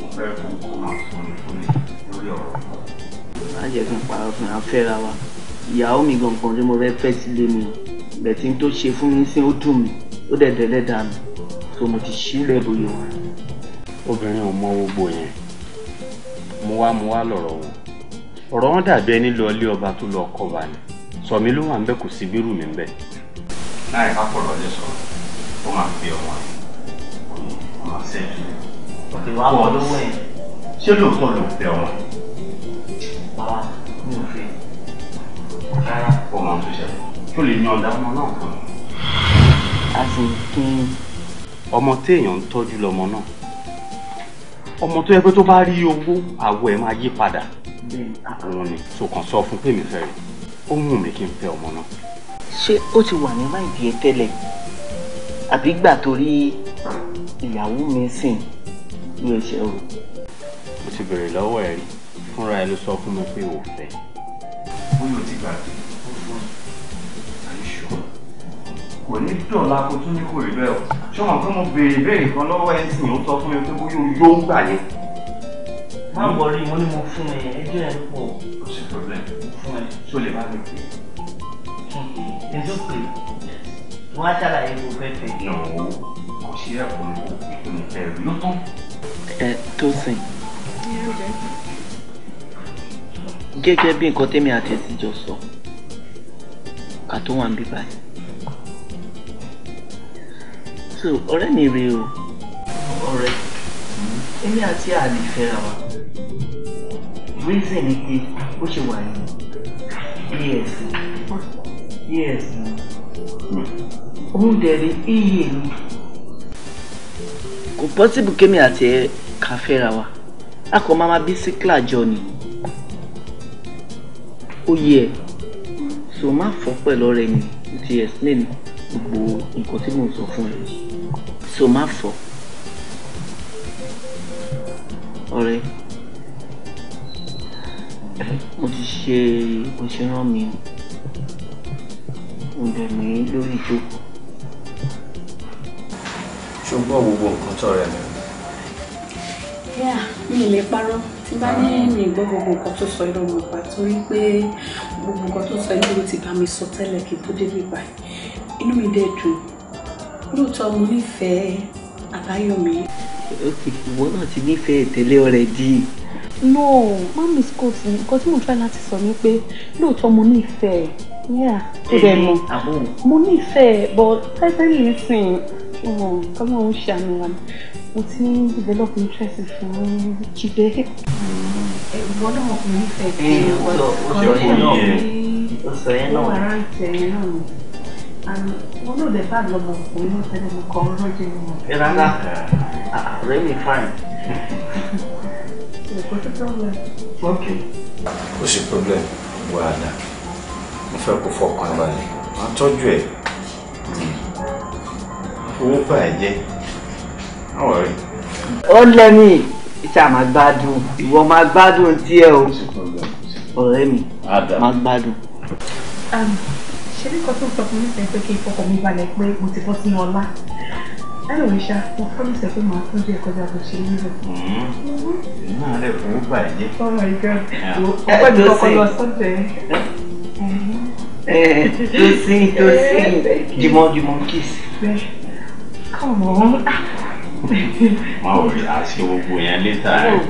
mo fẹ́ fún lájẹ kí n parọ́ fún yàrá fẹ́ra wa ìyàwó mi gangan tí mo fẹ́ fẹ́ sílé mi bẹ̀tí tó ṣe fún mi sí ó dùn mí ó dẹ̀ dẹ́lẹ́ dà mí so mo ti ṣílẹ̀ bóyá wa. obìnrin ò mọ gbogbo yẹn mo wá mo wá lọ̀rọ̀ wọn ọ̀rọ̀ wọn dàbí ẹni lọ ilé ọba tó lọ ọkọ bá ní sọmi ló wà ń bẹ kò sí bírù mi ń bẹ. láì bá pọ̀ lọ́jọ́ sọ ó máa fi ọmọ rẹ̀ ó máa ṣẹ́jú. ọ̀tẹ̀ wàá mọ̀ ṣé lóòótọ́ ló fẹ́ ọmọ rẹ̀. kó lè yan ọ̀dà ọmọ náà kan. a sì ń kí ọmọ téèyàn ń tọ́jú lọmọ náà ọmọ tó yẹ pé tó bá rí owó àwọ̀ ẹ̀ máa yí padà àwọn ni tó kàn sọ fún pé mi fẹ́ rí ó wù mí kí n fẹ́ ọmọ náà. ṣé ó ti wà ní máìdí ẹ tẹ́lẹ̀ àbí gbà torí ìyàwó mi sìn ní ẹsẹ̀ o. mo ti bèrè lọ́wọ́ ẹ̀ rí fúnra ẹ ló sọ fún mi pé òun fẹ́. bóyá o ti gbàgbé. kò ní dọ̀la kó tún ní kò rí bẹ́ẹ̀ o ṣé wọn pé mo béèrè béèrè kan lọ́wọ́ ẹ̀ sìn ó sọ fún mi pé bóyá o yóò gbà yẹn. má wọrí mo ní mo fún ẹ ẹjọ́ ẹ pọ̀. o ṣe problem fún ẹ ṣó lè bá mi pè. ẹjọ́ pè wọ́n á ṣàlàyé mo fẹ́ fẹ́. ìnáwó kò ṣe é kò ní ìpinnu ẹ̀rí ló tán. ẹ tó sìn. gẹ́gẹ́ bí nǹkan tẹ́mi àti ẹ̀sìn jọ sọ kà tó so ọ̀rẹ́ mi rèé o ọ̀rẹ́ èmi àti àlè fẹ́ra wa reason ni pé ó ṣe wà ní yes yes òun dẹ̀ rí iye mi kò pọ́sibù kémi àti ẹ ká fẹ́ra wa a kò máa ma bí síkìlà jọ ni ó yẹ ẹ so má fọ́ pẹ̀lú ọ̀rẹ́ mi ti explain gbogbo nǹkan tí mò sọ fún ẹ so má fọ ọ̀rẹ́ mo ti ṣe bó ṣe rán mi mo dẹ̀ mí lórí ìjókòó. ṣùgbọ́n gbogbo nǹkan tó rẹ̀ mi. Yeah, mi lè parọ́ tí bá ní ah. mi gbọ́ gbogbo nǹkan tó sọ irọ́ mi pa torí pé gbogbo nǹkan tó sọ irọ́ ti bá mi sọ tẹ́lẹ̀ kí n tó débi báyìí inú mi dẹ̀ dùn lóòótọ́ mo nífẹ̀ẹ́ àbáyọ̀mí. ìwọ náà ti nífẹ̀ẹ́ tẹ́lẹ̀ already. no má misquote ni nǹkan tí mo fẹ́ láti sọ ni pé lóòótọ́ mo nífẹ̀ẹ́ yeah tó dẹ̀ mọ̀ eh, mo nífẹ̀ẹ́ but presently nísìnyí kọ́mọ ń ṣe àmì wa mo ti ń develop interest fún jíde. Eh, ìwọ náà mo nífẹ̀ẹ́ eh, tẹ́lẹ̀ ọ̀rẹ́ yẹn náà wọn ló dé bá lọ́mọ òun ní tẹ́lẹ̀ mo kọ́ ọ́n lọ́jọ́ ìwọ̀n. ẹ rárá rẹ mi fine. kò sí problem. ok. kò sí problem wàhálà mo fẹ́ kó fọkàn balẹ̀ máa tọ́jú ẹ̀ hmm. owó báyìí jẹ́ àwọn ó lẹ́mìí ìta máa gbádùn ìwọ máa gbádùn díẹ̀ o ọ̀rẹ́ mi máa gbádùn. Um, ṣe bí kan tó sọ fún mi pé kí n fọkàn mi balẹ̀ pé mo ti bọ́ sínú ọlá ẹnu òwe ṣá mo promise pé màá tún bí ẹ̀kọ́ jáde ṣe nílò. náà lè fún un bàjẹ́. oh my god eh, ọpẹ́ mi kọ́kọ́ lọ sọ́dẹ̀. tosi tosi jimọ jimọ kiss. come on. Ah. Má ò rí àṣẹ gbogbo yẹn létà rẹ̀.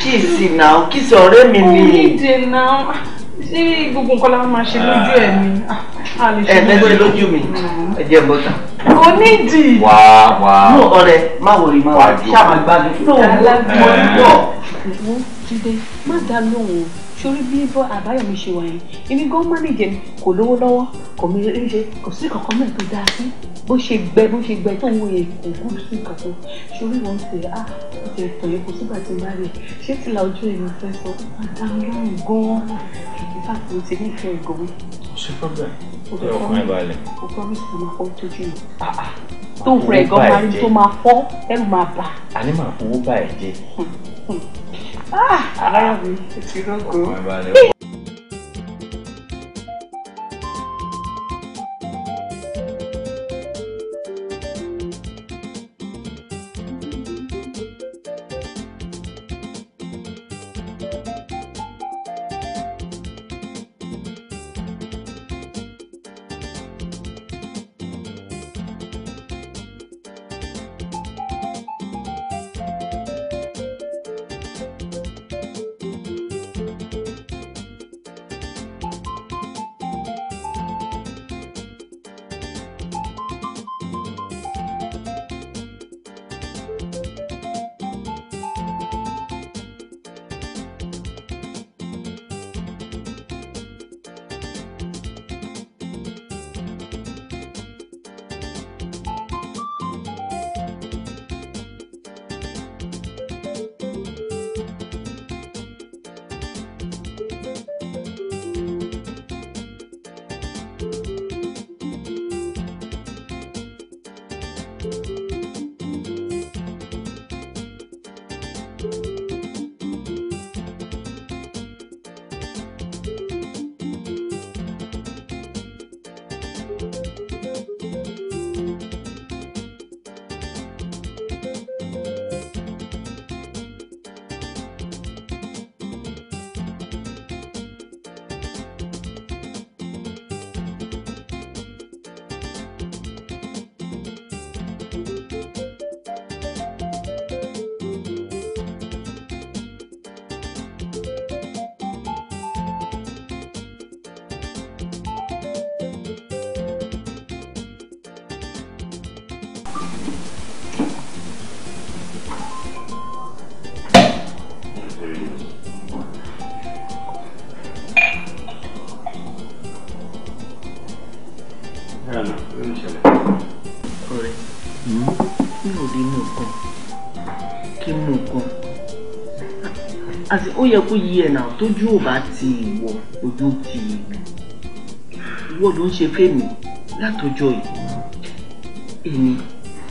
Kíìsì náà, kíìsì ọ̀rẹ́ mi ni. Onídìí náà, ah, ṣé gbogbo nǹkan la máa ṣe lójú ẹ̀ ni? Ah ẹ̀ẹ́dẹ́gbẹ́ ah, eh, lójú mi mm. ẹ jẹ́ bọ́tà. onídìí. wá wá. mú ọ̀rẹ́ má wòlé má wòlé ṣáà má gbádùn. tó o mọ nígbọ. wo jíde má dá lóhùn sórí bí bọ́ àbáyọ̀mí ṣe wà yẹn ibi gan mánìjẹ kò lówó lọ́wọ́ kò mí ríṣe kò sí kankan mẹ́rin tó dáa sí bó ṣe gbẹ bó ṣe gbẹ tó ń wòye kò gùn sí nǹkan tó sórí wọn ṣe á ah, ó ti tàn yẹn kò sígbà tí n bá rí ṣé ti la ojú ẹ̀yìn fẹ́ sọ ó má dá lóhùn gan ìfàkùn ti nífẹ̀ẹ́ gan ṣe fọ́ bẹ́ẹ̀ ẹ ọkàn ẹ balẹ̀. o promise kò máa fọ́ tójú mi. Ah, ah. tó ń rẹ̀ gan máa rí tó máa fọ́ ẹrù máa bà. àní máa fowó bá ẹ̀ jẹ́. aláyọ̀ mi ti rọ́gọ́. ọkàn ẹ balẹ̀. ó yẹ kó yí ẹ̀ náà tójú ò bá ti ìwọ ojú ti ìwọ ló ń ṣe fèmí látọjọ́ yìí èmi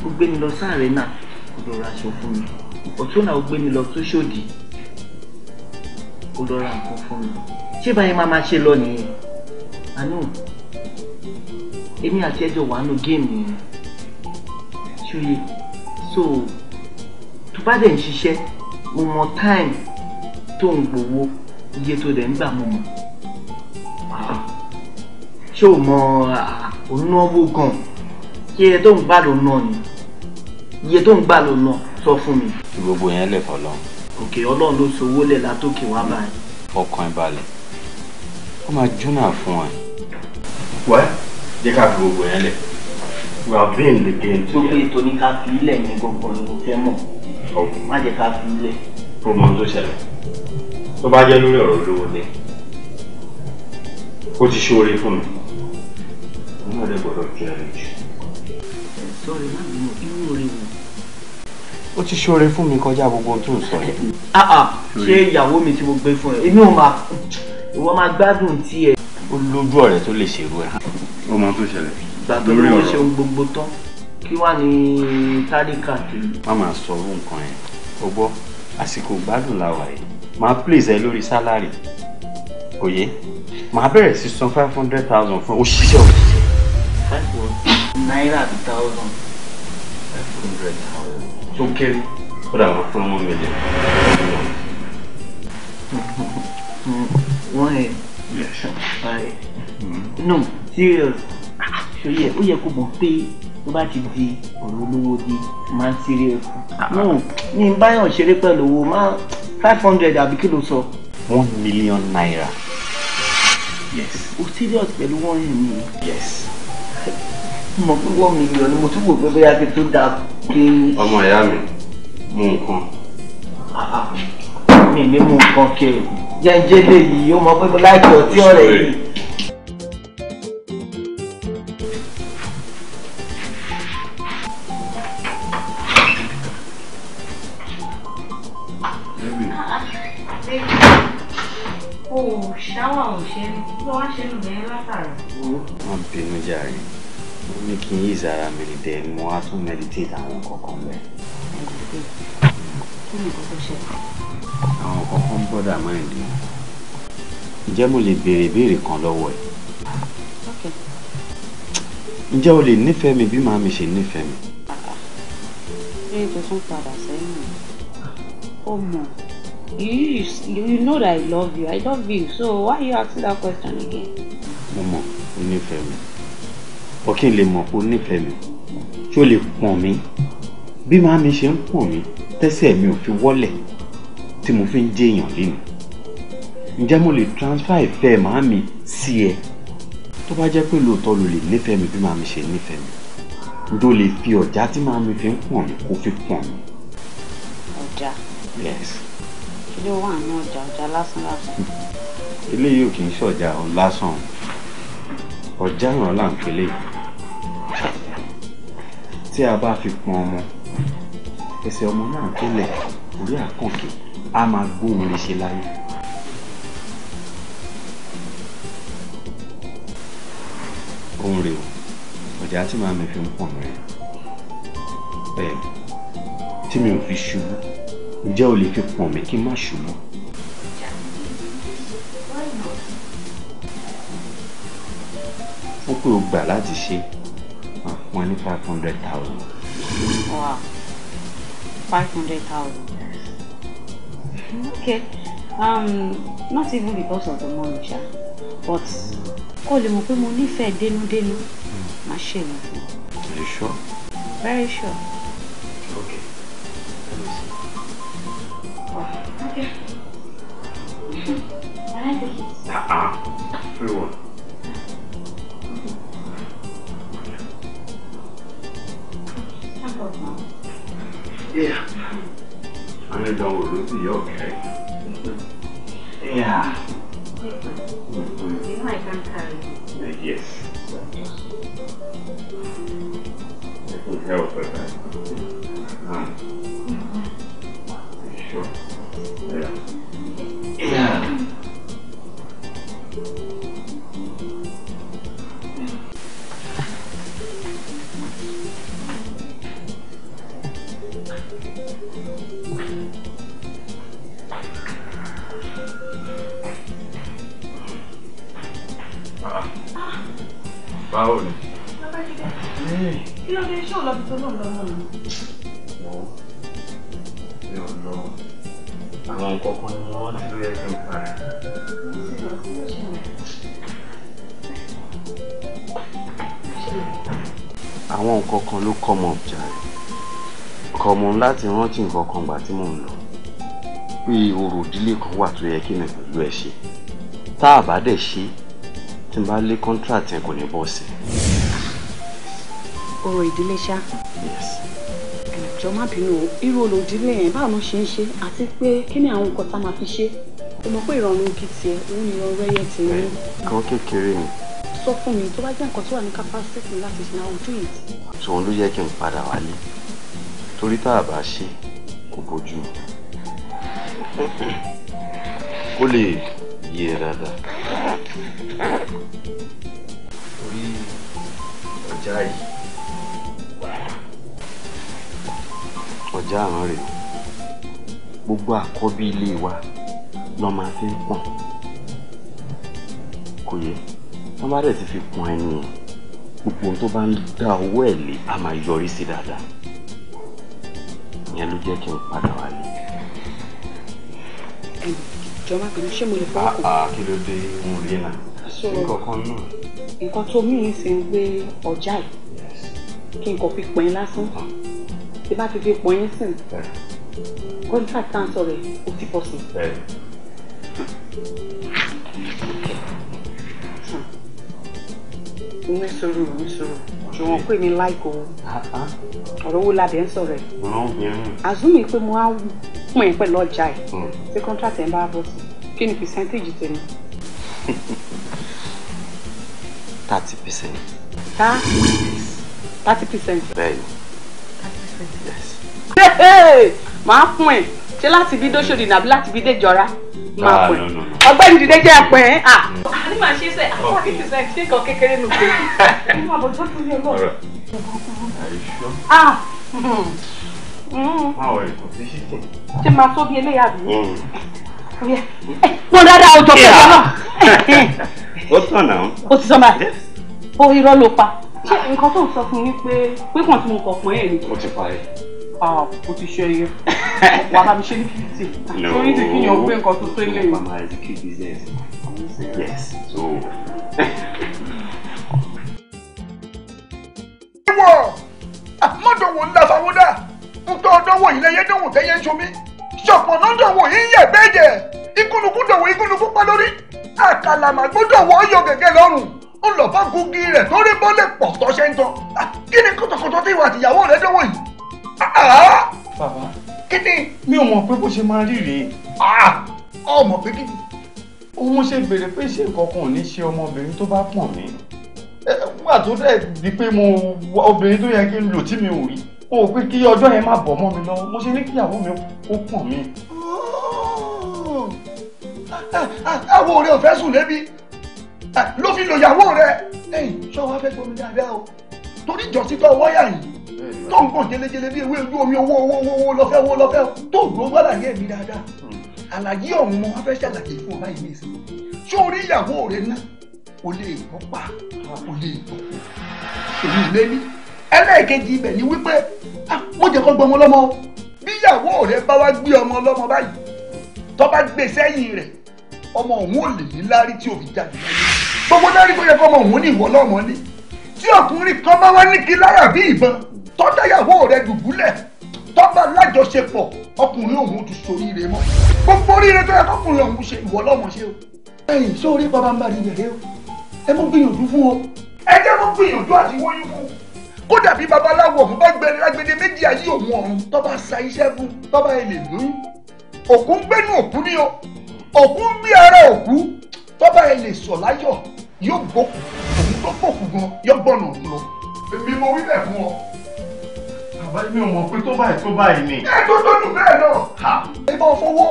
ó gbé mi lọ sáàrẹ náà kó lọ ra aṣọ fún mi ọ̀tún náà ó gbé mi lọ sóṣòdì kó lọ ra nǹkan fún mi ṣé báyìí máa máa ṣe lọ nìyẹn àánú èmi àti ẹjọ wà nù géèmù yẹn ṣòye so tó bá dẹ̀ ń ṣiṣẹ́ mo mọ time tó ń gbowó iye tó dẹ̀ ń gbà mọ́ mọ́ ah, ṣé o mọ ònúnáwó ah, gan kí iye tó ń gbà ló ná ni iye tó ń gbà ló ná sọ fún mi. gbogbo yẹn lè fọlọ. òkè ọlọ́run ló sowó lẹ̀ látòkè wá báyìí. ọkàn ẹ balẹ̀ ó máa jóná fún ẹ. wẹ́ jẹ́ ká fi gbogbo yẹn lẹ̀ we are playing the game. gbogbo ètò ní ká fi ilẹ̀ yẹn gbọ̀ngàn ló fẹ́ mọ̀ má jẹ́ ká fi ilẹ̀. promo tó ṣẹlẹ̀ tó bá jẹ́ lórí ọ̀rọ̀ olówó ni ó ti ṣoore fún mi mo náà lè gbọ́dọ̀ jẹ́ rẹ jù. sọ́ọ̀rẹ́ má bínú irú rẹ̀ wò. ó ti ṣoore fún mi kọjá gbogbo ohun tó ń sọ yẹn. Ah, ah, ṣé ìyàwó mi tí mo gbé fún ẹ èmi ò máa ìwọ máa gbádùn tiẹ̀. ó lójú ọ̀rẹ́ tó lè ṣerú ẹ̀. ó máa tó ṣẹlẹ̀ lórí ọ̀rọ̀ gbàgbọ́ o gbọ́ àsìkò gbádùn máa place ẹ lórí salary kò yé màá bẹ̀rẹ̀ sí san five hundred thousand fún òṣìṣẹ́ òṣìṣẹ́. five hundred naira àti thousand. five hundred thousand. tó kéré ó dàgbà fún one million. wọ́n ẹ̀ ṣàpàrẹ̀ mm-hmm. no serious ṣòye ó yẹ kó mọ̀ pé tó bá ti di ọ̀rọ̀ olówó di máa ń serious ah, ah. no ní báyọ̀ ṣeré pẹ̀lú owó máa five hundred àbí kí sọ. one million naira. yes. o serious pẹ̀lú one million. yes. mo mọ̀ one million ni mo tún wò pé bóyá kí n tó da pé. ọmọ ìyá mi mú nǹkan. Ah, ah, mi ní mú nǹkan kẹ jẹ́njẹ́ lè ó mọ pé mo láì tọ́ yìí. àwọn òṣèré tí wọ́n wá ṣẹ́nu yẹn látara. wọ́n bínú jàre wọ́n ní kí n yí ìsara mèrìdẹ ni wọ́n á tún mẹditéètì àwọn kọ̀ọ̀kan bẹ́ẹ̀. kí ni kókó ṣe. àwọn kọ̀ọ̀kan bọ́dà máa ń dì í. ǹjẹ́ mo lè béèrè ìbéèrè kan lọ́wọ́ ẹ̀? ǹjẹ́ o lè nífẹ̀ẹ́ mi bí màá mi ṣe nífẹ̀ẹ́ mi? ṣé ètò tún padà sẹ́yìn o mọ̀ you, you you know that I love you I love you so why you asking that question again. mo mọ̀ o nífẹ̀ẹ́ mi ọkẹ́ lè mọ̀ o nífẹ̀ẹ́ mi ṣó lè pọ̀n mi bí màá mi ṣe ń pọ̀n mi tẹ́sẹ̀ mi ò fi wọ́lẹ̀ tí mo fi ń jẹ́ èèyàn lénu ǹjẹ́ mo lè transfer ìfẹ́ màá mi sí ẹ tó bá jẹ́ pé lóòótọ́ ló lè nífẹ̀ẹ́ mi bí màá mi ṣe nífẹ̀ẹ́ mi ǹjọ́ lè fi ọ̀já tí màá mi fi ń pọ̀n mi kó fi pọ̀n mi. ọ̀já. yes ilé wà ní ọjà ọjà lásán lásán. ilé yìí ò kì í ṣọjà lásán ọjà ìràn là ń pèlè tí a bá fi pọn ọmọ ẹsẹ̀ ọmọ náà tẹlẹ orí àkànkè a máa gbóhùn lè ṣe láyé. ohun rèé ọjà tí màmí fi ń pọn rẹ bẹ́ẹ̀ tí mi ò fi ṣubú ǹjẹ́ o lè fi pọ̀n mí kí n má ṣubú. wọ́n pè ó gbà láti ṣe máa ah, ní five hundred thousand. wow five hundred thousand okay um, not even because of the money sha but kó lè mọ̀ pé mo nífẹ̀ẹ́ dénúdénú hmm. máa ṣe é mi are you sure. very sure. rántí nǹkan kan gbà tí mò ń lọ pé orò ìdílé kan wà tó yẹ kí mi pẹ̀lú ẹ ṣe tá a bá dẹ̀ ṣe tí n bá lé contract yẹn kò ní bọ́ sí. orò ìdílé ṣá. yes. ẹ̀jọ̀ má bínú o irú orò ìdílé yẹn báwo ló ṣe ń ṣe àti pé kí ni àwọn nǹkan tá a máa fi ṣe o mọ̀ pé ìrọ̀rùn kì í tiẹ̀ òun ni ọ̀rọ̀ ẹyẹ ti rí. kan kékeré ni. sọ fún mi tó bá jẹ́ nǹkan tó wà ní capacity láti ṣe àwọn ojú yìí. sòun ló yẹ kí n padà wálé torí tá a bá ṣe kojú kó lè yé ẹ dáadáa. orí ọjà yìí ọjà àrán rèé gbogbo àkọ́bí ilé wa lọ́ máa fi ń pọ̀n kò yẹ wọ́n bá dẹ̀ ti fi pọ̀n ẹni gbogbo ohun tó bá ń dá owó ẹ̀ lé a máa yọrí sí dáadáa ìyẹn ló jẹ́ kí n padà wálé. ìjọba bìnrin ṣé mo lè fọwọ́ kàn. àà ah, ah, kí ló dé mo rí là nǹkan kan náà. nǹkan tó mí ń gbé ọjà yìí kí nǹkan fi pọ̀ lásán ah. tí bá ti fi pọ̀ sìn contract tá à ń sọ rẹ̀ ó ti pọ̀ sí. Hmm. ní sùúrù ní sùúrù ṣùgbọ́n pè mí láìkó ọ̀rọ̀ owó ládẹ́ ń sọ̀rọ̀ ẹ̀ àzúmi pé mo á pọ̀ ẹ̀ pẹ̀lú ọjà ẹ̀ tí kọ́ńtrátì ẹ̀ bá bọ̀ sí kí ni percentage tẹ̀lé. thirty percent. thirty percent. bẹ́ẹ̀ni. thirty percent. màá pọ̀ ẹ̀ ṣé láti bí dóṣòdì nàbí láti bí déjọra máa ah, pè ọgbẹ́ni dìde jẹ́ ẹ̀pẹ́ ẹ̀ à. àní màá ṣe sẹ́ àwọn kìtì sẹ́ ṣé kan kékeré nù pé inú àbọ̀jọ́ tó yẹ lọ. ṣé máa tó bí eléyà bí? pọ́n oh. dáadáa ọjọ́ pẹ̀lú náà. ó tàn náà. ó ti sọ ma ó irọ́ ló pa ṣé nǹkan tó ń sọ fún mi pé pé kàn tí mo kọ̀ fún ẹ̀ ni. ó ti parí ah o ti ṣe iye wà bá mi ṣe ní fifty torí ti kí ni o gbé nǹkan tó tó ilé yìí. mama is a key business yes so. wíwọ ah, mọ́dọ̀wọ̀ ńlá fáwọ́dà ntọ́ ọdọ́wọ̀ yìí lẹ́yẹ dánwò tẹ́yẹ ń somi ṣọ̀pọ̀ náà dọ̀wọ̀ yìí ń yẹ bẹ́ẹ̀ jẹ ikúnukú dọ̀wọ̀ ikúnukú pa lórí àkàlàmàgbó dọ̀wọ̀ ọyọ gẹ̀gẹ̀ lọ́rùn ńlọ́fà gúgi rẹ̀ torí bọ́lẹ̀ pọ̀ tọ́ṣẹ́ ń tọ́ ah, kí ni kọ́tọ̀kọ́tọ̀ tí ìwà àtìyàwó rẹ̀ dọ̀wọ̀ yìí bàbá kíni mi ò mọ̀ pé bó ṣe máa rí rèé ah! ọmọ pé kíni òun mo ṣe béèrè pé ṣé ìkọkàn ò ní ṣe ọmọbìnrin tó bá pọ̀n mí wà tó dẹ̀ di pé mo obìnrin tó yẹ kí n lò tí mi ò rí o pé kí ọjọ́ yẹn má bọ̀ mọ́ mi lọ́wọ́ mo ṣe ní kíyàwó mi kó pọ̀n mí. Ah! Ah! àwọn ọ̀rẹ́ ò fẹ́ sùn lébi ló fi lòyàwó rẹ̀ ṣọ́ wa fẹ́ gbomi dáadáa o torí ìjọsìn tó wáyà yìí tó ń kàn jẹlẹjẹlẹ bí ewé ojú omi owó owó owó lọ́fẹ́ owó lọ́fẹ́ tó dúró gbàlàyé mi dáadáa àlàyé ọ̀hún mo wá fẹ́ ṣàlàyé fún ọ báyìí ní ìsìn sórí ìyàwó rẹ náà o lè gbọ́ pa o lè gbọ́ kù èyí lé ní ẹlẹ́ẹ̀kejì ibẹ̀ ni wípé mo jẹ́ kó gbọ́ ọmọ lọ́mọ bí ìyàwó rẹ bá wá gbé ọmọ lọ́mọ báyìí tó bá gbé sẹ́yìn rẹ̀ ọmọ òun ò lè ní lárí tí òfin jáde láyé gbogbo lárí tó yẹ kó ọmọ òun ní ìwọ lọ́mọ ní tí ọkùnrin kan bá wá ní kí lára bí ìbọn tọ́dáyàwó rẹ dùbúlẹ̀ tọ́ba lájọṣepọ̀ ọkùnrin òun ti ṣoríire mọ́ gbogbo oríire tó yẹ kọkùnrin òun ṣe ìwọ lọ́mọ ṣe o. ẹ̀yin sórí bàbá ń bá rí yẹ̀rẹ́ o ẹ mú gbìyànjú fún o. ẹ jẹ́ mú gbìyànjú àti wọ́yún fún kódà bí babaláwo òun bá gbẹrẹ lágbede méjì ayé òun ọ̀run tọ́ba sa iṣẹ́ fún tọ́ba ẹ lè lóyún òkú ń gbénu òkú ní o òkú ń bí ara òkú tọ́ba ẹ lè sọ̀ láyọ̀ yóò gbókù òun tó gbókù gan yóò gbọ́nà òun lọ. èmi mo wí bẹ́ẹ̀ fún ọ bàbá mi ò mọ̀ pé tó báyìí tó báyìí ni. ẹ tó tó bẹ́ẹ̀ náà. ìbọn fowó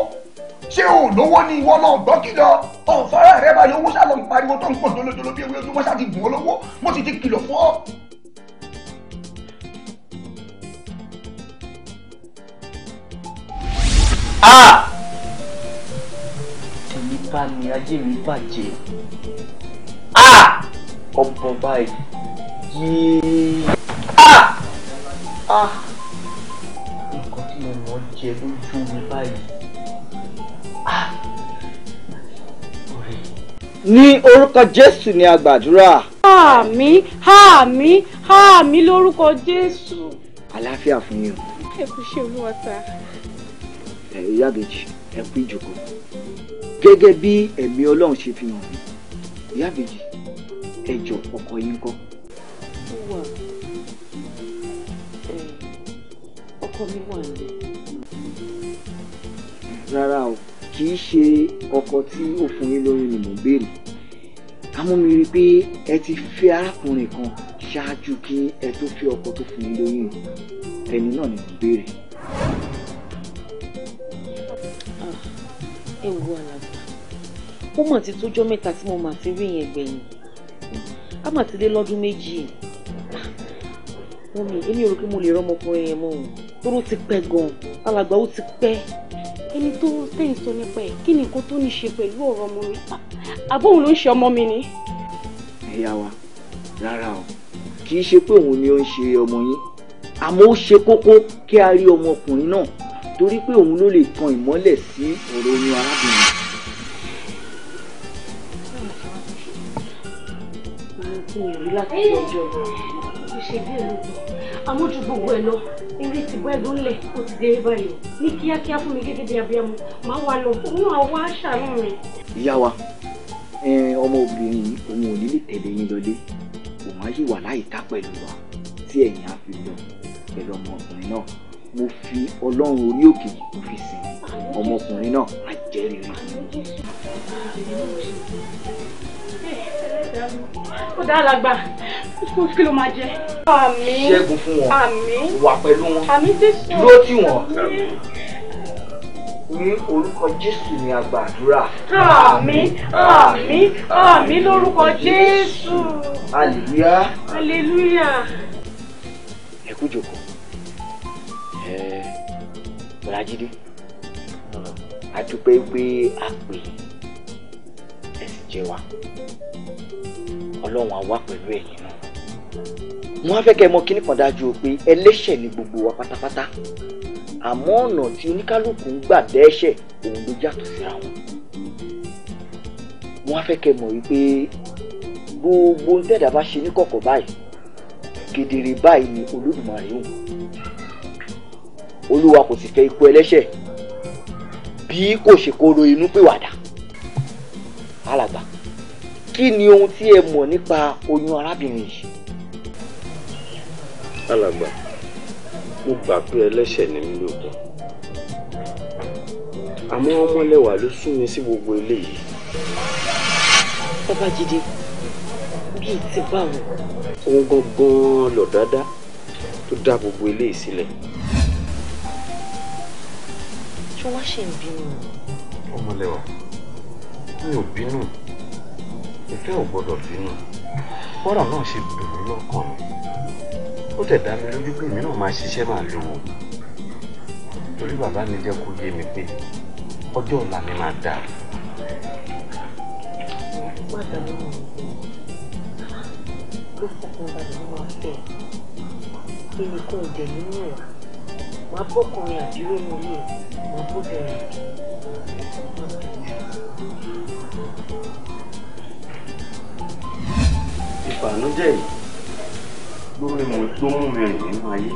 ṣé ò lówó ní ìwọ náà gbọ́ kìlọ̀ ọ̀fọ́rọ́ rẹ báyìí owó sálọ ń pariwo tó ń pọ̀ jólójóló bí ewé ojúmọ́ ṣáà ti gùn ó lówó mo sì ti kìlọ̀ fún ọ. bá mi ajé mi bàjẹ́ ọ̀bọ̀n báyìí yéé. Ah. nǹkan tí mo mọ̀ jẹ lójú mi báyìí. Ah. ní orúkọ jésù ni a gbàdúrà. àmín àmín àmín lórúkọ jésù. àlàáfíà fún yín o. ẹ kú ṣe olúwa ta. ẹ ìyá bèjì ẹ kú ìjókòó gẹ́gẹ́ bí ẹ̀mí ọlọ́run ṣe fi hàn mí ìyá bèjì ẹ jọ ọkọ yín kọ́. ó wà. ọkọ mi wà nílé. rárá o kì í ṣe ọkọ tí ó fún yín lórí ni mò ń béèrè àmọ́ mi rí i pé ẹ ti fẹ́ arákùnrin kan ṣáájú kí ẹ tó fẹ́ ọkọ tó fún yín lóyún ẹni náà ni mò ń béèrè. Ah, ẹ wo alàgbà ó mà ti tójọ́ mẹ́ta tí mo mà ti rí yẹn gbẹ̀yìn á mà ti lé lọ́dún méjì wọ́n ah, mi èmi ò rò pé mo lè rọ́mọkùnrin yẹn mọ́ òun tóró ti pẹ́ gan alàgbà ó ti pẹ́ ẹni tó tẹ̀ ń sọ nípa ẹ̀ kí ni nǹkan tó ní ṣe pẹ̀lú ọ̀rọ̀ ọmọ mi àbóhùn ló ń ṣe ọmọ mi ni. ìyá wa rárá o kì í ṣe pé òun ni ó ń ṣe ọmọ yín àmọ́ ó ṣe kókó kí a rí ọmọkùnrin náà torí pé òun ló lè tan ìmọ́lẹ̀ sí ọ̀rọ̀ oyún arábìnrin. mo ti rìn láti ọjọ́ ìṣègbè lóko àmójú gbogbo ẹ lọ eré ti bọ́ ẹ̀dùn lẹ̀ ó ti dé báyìí ní kíákíá fún mi gẹ́gẹ́ bí abiyamọ máa wà lọ òun náà wá ṣàánú rẹ̀. ìyá wa ọmọbìnrin yìí òun ò ní lè tẹ̀lé yín lọlé òun á yí wà láyìíká pẹ̀lú wa tí ẹ̀yìn á fi lọ pẹ̀lú ọmọkùnrin náà mo fi ọlọ́run orí òkè mo fi sìn ọmọkùnrin náà jẹ́ ni mà. ó dá alàgbà kí ló máa jẹ. àmín ṣẹ́gun fún wọn àmín wà pẹ̀lú wọn dúró tì wọ́n ní orúkọ jésù ni a gba àdúrà. àmín àmín àmín lórúkọ jésù. aleluya. aleluya. ẹ kú jòkó ẹ bàrà jídé àdúpẹ́ pé a pè é ẹ̀sìn jẹ́ wa ọlọ́run á wà pẹ̀lú ẹ̀yin náà wọ́n á fẹ́ kẹ́ ẹ mọ kíní kan dájú o pé ẹlẹ́ṣẹ̀ ni gbogbo wa pátápátá àmọ́ ọ̀nà tí oníkálukú ń gbà dẹ́ṣẹ̀ òun ló yàtọ̀ síra wọn wọ́n á fẹ́ kẹ́ ẹ mọ̀ wípé gbogbo ń tẹ̀dá bá ṣe níkọ̀kọ̀ báyìí kedere báyìí ni Olódùmarè òun olúwa kò sì fẹ́ ikú ẹlẹ́ṣẹ̀ bí kò ṣe kóró inú pìwàdà alàgbà kí ni ohun tí ẹ mọ̀ nípa oyún arábìnrin yìí. alàgbà mo gbà pé ẹlẹ́ṣẹ̀ ni mí lóòótọ́ àmọ́ ọmọlẹ́wà ló sún mi sí gbogbo eléyìí. babájídé bíi ti báwo. ohun gangan lọ dáadáa tó dá gbogbo eléyìí sílẹ̀. Si ṣó wá ṣe ń bínú. ọmọlẹ́wà mi ò bínú ìfẹ́ ò gbọ́dọ̀ bínú bọ́rọ̀ náà ṣe dùn mí lọ́kàn mi ó tẹ̀ dá mi lójú pé èmi náà máa ṣiṣẹ́ máa lówó torí bàbá mi jẹ́ kó yé mi pé ọjọ́ ọ̀la mi máa dà má dàbí ló fọkàn balẹ̀ ló máa fẹ́ kí ni kò dẹ̀ nínú ìwà máa bọ́kùnrin àdúró mo lò máa bóbẹ̀rẹ̀. ìbànújẹ́ yìí lórí mo tó mú mi rìn nínú ayé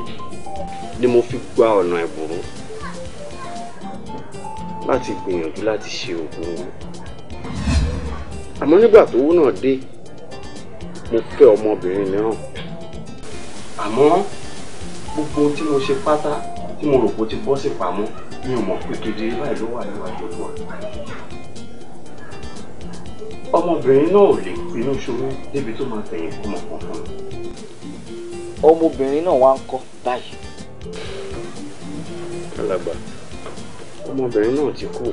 ni mo fi gba ọ̀nà ẹ̀bùrú láti gbìyànjú láti ṣe òògùn wọn àmọ́ nígbà tówó náà dé mo fẹ́ ọmọbìnrin mìíràn àmọ́ gbogbo tí mo ṣe pátá n rò pé ó ti bọ́ sí pamọ́ mi ò mọ̀ pé kedere báyìí ló wà níwájú ọkọ ọmọbìnrin náà ò lè pinnu ṣòro débi tó máa tẹ̀yìn kọ́mọ kan fún mi. ọmọbìnrin náà wá ń kọ́ báyìí. alàgbà ọmọbìnrin náà ti kú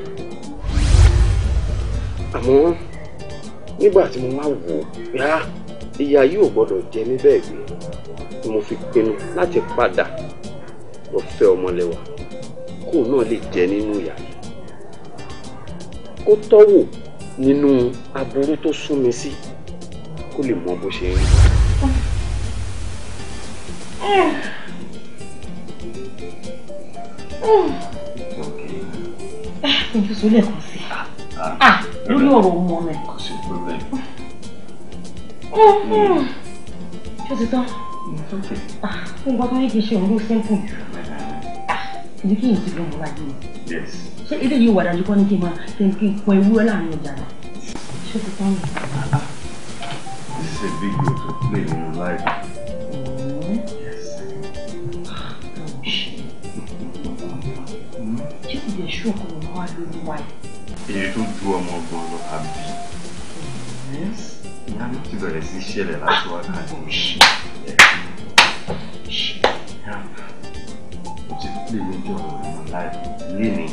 àmọ́ nígbà tí mo wá wò ó yá ah, ìyá yìí ò gbọ́dọ̀ jẹ mí bẹ́ẹ̀ gbé ni mo fi pinnu láti padà ọ̀fẹ́ ọmọlẹ́wà kóò náà lè jẹ nínú ìyá kó tọ́wò nínú aburú tó sún mi sí kó lè mọ bó ṣe rí. ojú sólẹ̀ kan sí lórí ọ̀rọ̀ ọmọ rẹ̀. Mm. Mm. Mm. ṣé o ti tán? mo gbọ́ ah, tó yẹ kí n ṣe òun ló simple jù ní kí n kìlọ̀ mọ́ báyìí. ṣé eléyìí wà dájú kọ́ ní kí n máa kí n pọn ewúrẹ́ láàrin ọjà rẹ̀ ṣé ti this is a big role to play in your life. ṣé kò jẹ́ ṣú ọkọ̀ ọmọ wa lórí wa yìí. èyí tó ju ọmọ ọgbọ̀n lọ àbí. ìyá mi ti bẹ̀rẹ̀ sí ṣẹlẹ̀ láti wákàtí lè lójú ọ̀rọ̀ ìmọ̀ láì lé ní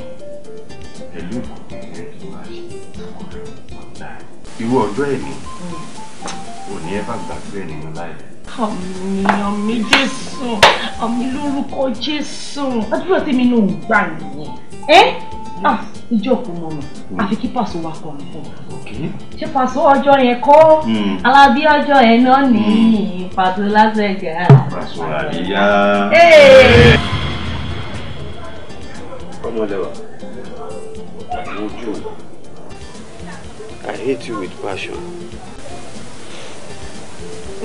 pẹ̀lú ìkọ̀kọ̀ rẹ̀ kí máa ṣe ìkọ̀kọ̀ rẹ̀ wọ́n láì. irú ọjọ́ ẹ̀mí hmm. ò ní ẹ bá gbàgbé ènìyàn láì. àmì àmì jésù àmì lórúkọ jésù àdúrà tèmi hmm. ah, hmm. náà ń gbà Ọmọlẹ́wà, wojú. I hate you with passion.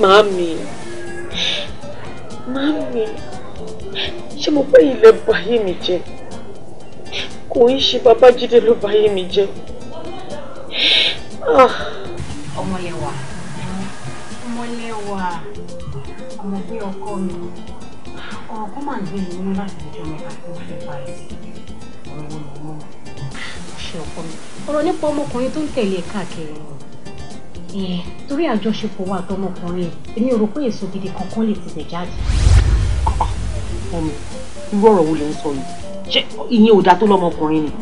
Mami, Mami, ṣé mo pé ilẹ̀ báyé mi jẹ? Kò ń ṣe Babájídé ló báyé mi jẹ. Ah. Ọmọlẹ́wà, Ọmọlẹ́wà, ọmọ bí ọkọ mi, ọ̀rọ̀ kan máa ń gbé mi nínú láti ìjọba àti ìfẹ́ báyìí ọkọ mi ọ̀rọ̀ nípa ọmọkùnrin tó ń tẹ̀lé ẹ̀ káàkiri torí àjọṣepọ̀ wa àtọmọkùnrin èmi ò rò pé èso gidi kankan lè tibẹ̀ jáde. ọmọ irú ọ̀rọ̀ wo lè ń sọ yìí ṣé ìyẹn ò dáa tó lọ́mọkùnrin ni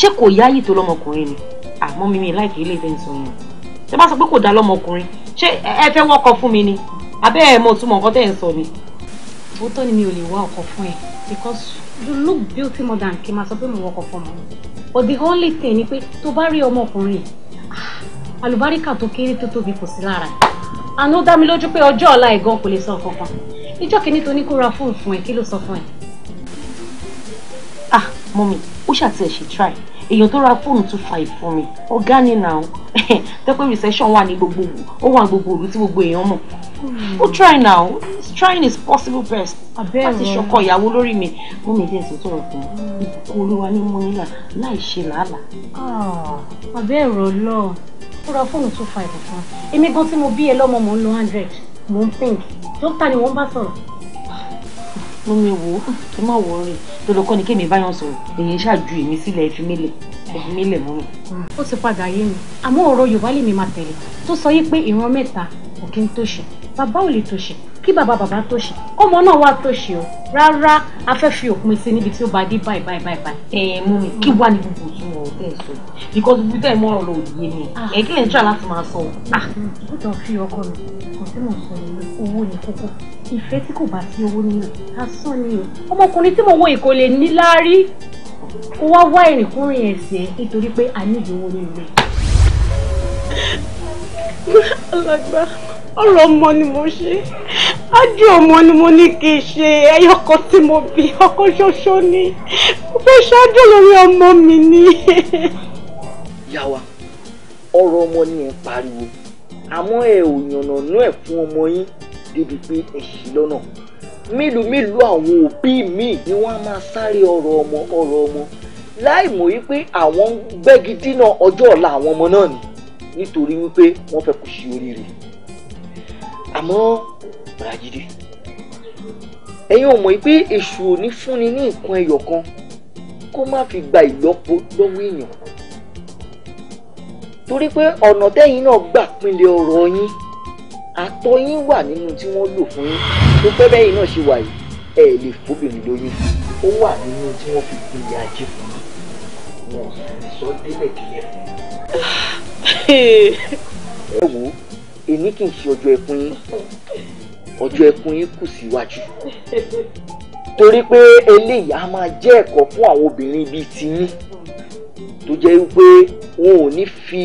ṣé kò yáyì tó lọ́mọkùnrin ni àmọ́ mi mi láìpẹ́ ilé ìfẹ́ ìsọ yẹn ṣé bá sọ pé kò dáa lọ́mọkùnrin ṣé ẹ fẹ́ wọ́kọ fún mi ni abẹ́ ẹ̀ mọ̀ túmọ̀ nǹkan tẹ́ ẹ̀ ń sọ ni. òótọ́ ni mi ò lè wá ọkọ fún ẹ because you look beautiful more than kí n máa sọ pé mo wọkọ fún ọmọ mi but the only thing ni pé tó bá rí ọmọkùnrin ah, àlùbáríkà tó kéré to tóbi kò sí lára àná ó dá mi lójú pé ọjọ́ ọ̀la ẹ̀gán kò lè sọ kankan ìjọ́ kìíní tó ní kó ra fóònù fún ẹ kí ló sọ fún ẹ. ah mọ́mi ó ṣàtẹ̀ ṣe try èèyàn tó ra fóònù two five fún mi ọ̀gá ni nà ó tẹ́pẹ́ recession wà ní gbogbo òwò ó wà gbogbo òru tí gbogbo èèyàn mọ̀ ó hmm. try now trying is possible best láti ṣọkọ ìyàwó lórí mi mú mi dé ìsòtò ọ̀gbìn ìkó olúwa ní mú nílà láì ṣe làálàá. àbẹ́ ah, ẹ̀rọ lọ ó ra fóònù two five fún mi èmi gan tí mo bí ẹ lọ́mọ mò ń lo hundred mò ń pink dókítà ni wọ́n bá sọ̀rọ̀ mú mi wò ó ẹ má wọ rè lọlọkọ ni kémi báyọ̀ sọ̀rọ̀ èyí ṣáàjú èmi sílẹ̀ ẹ fi mí lẹ̀ ẹ fi mí lẹ̀ mú mi. ó ti padà yé mi àmọ́ ọ̀rọ̀ yorùbá lèmi máa tẹ̀lé tó sọ yí pé ìran mẹ́ta kò kí n tòṣì bàbá ò lè tòṣì kí bàbá bàbá tòṣì ọmọ náà wà tòṣì o rárá a fẹ́ fi òpin sí níbi tí ó bá dé báyìí báyìí báyìí báyìí. ẹ ẹ mú mi kí wà ní gbogbo òtún ọ̀rọ̀ tẹ ẹ sọ because bí tẹ ẹ mọ ọ̀rọ̀ òye mi ah. ẹ kí lè ń ṣá láti máa sọ. Ah. ó tọ́ fi ọkọ mi kò sí mọ̀ sọ owó ni kókó ìfẹ́ tí kò bá sí owó nínú asán ni o ọmọkùnrin tí mo wo ìkó lè ní láárí kó wá wá ìrìnkúrìn ẹ̀sìn ẹ̀ nítorí pé a ní ìdíwó nínú rẹ̀. alàgbà ọ̀rọ̀ ọmọ ni mo ṣe ájú ọmọ ni mo ní kì í ṣe ẹyọkọ tí mo bí ọkọ ṣoṣo ni mo fẹ́ ṣáájú lórí ọmọ mi ni. ìyá wa ọ̀rọ̀ ọmọ ni ẹ ń pariwo àmọ́ ẹ ò yànnàná ẹ̀ fún ọmọ yín débi pé ẹ ṣì lọ́nà mélòó mélòó àwọn òbí mi ni wọ́n á máa sáré ọ̀rọ̀ ọmọ ọ̀rọ̀ ọmọ láì mọ̀ wípé àwọn ń gbẹ́gi dínà ọjọ́ ọ̀la àwọn ọmọ náà ni nítorí wípé wọ́n fẹ́ kó ṣe oríire àmọ́ Bàràjídé ẹ̀yin ò mọ̀ pé èṣù ò ní fúnni ní nǹkan ẹyọ kan kó má fi gba ìlọ́po lọ́wọ́ èèyàn torí pé ọ̀nà tẹ́yìn náà gbà pinlẹ̀ ọ̀rọ̀ yín àtọ̀ wà nínú tí wọ́n lò fún yín tó pẹ́ bẹ́yìn náà ṣe wà yìí ẹ lè fóbìnrin lóyún ó wà nínú tí wọ́n fi gbé ilé ajé fún yín wọn sọ délẹ̀ délẹ̀ fún yín. Ah. ẹ wo èmi kì í ṣe ọjọ́ ẹkún yín ọjọ́ ẹkún yín kù síwájú torí pé eléyìí á máa jẹ́ ẹ̀kọ́ fún àwọn obìnrin bíi tiyín tó jẹ́ wípé wọn ò ní fi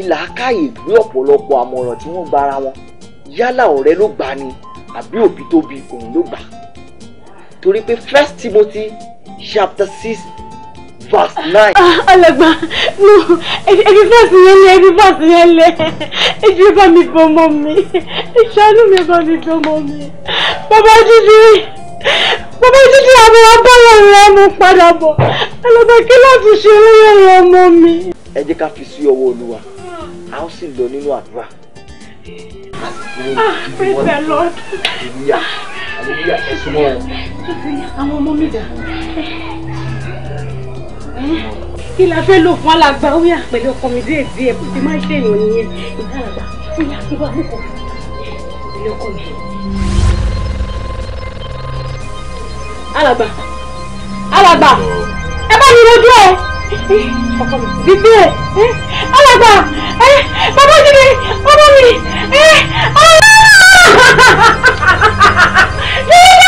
ìlàkàyè gbé ọ̀pọ̀lọpọ̀ àmọ̀ràn tí wọ́n bára wọn yálà ọ̀rẹ́ ló gbà ni àbí òbí tó bi òun ló gbà torí pé first Timothy chapter six verse nine. Ah, alàgbà no ẹbí verse yẹn lé ẹbí verse yẹn lé ẹbí bá mi bọmọ mi ìṣàánú mi bá mi bọmọ mi bàbá dídí bàbá dídí àwọn abọ́lọ̀ rẹ̀ mo padà bọ̀ alàgbà kí láti ṣe lórí ọ̀rọ̀ ọmọ mi. ẹ jẹ́ ká fi sí ọwọ́ Olúwa a ó sì lọ nínú àdúrà. Ah, Praise the Lord. Hallelujah. Hallelujah. Ẹ súnmọ́ wọn. Àwọn ọmọ mi dà. Kí la fẹ́ lò fún alàgbà? Ó yà pẹ̀lú ọkọ mi díẹ̀ díẹ̀. Bó ti máa ń ṣèyàn nìyẹn. Ìyá àgbà. Ìyá àgbà mú kọ. Pẹ̀lú ọkọ mi. Alàgbà. Alàgbà. Ẹ bá mi rojú bíbí ẹ alàgbà bàbá mi ni bàbá mi ni.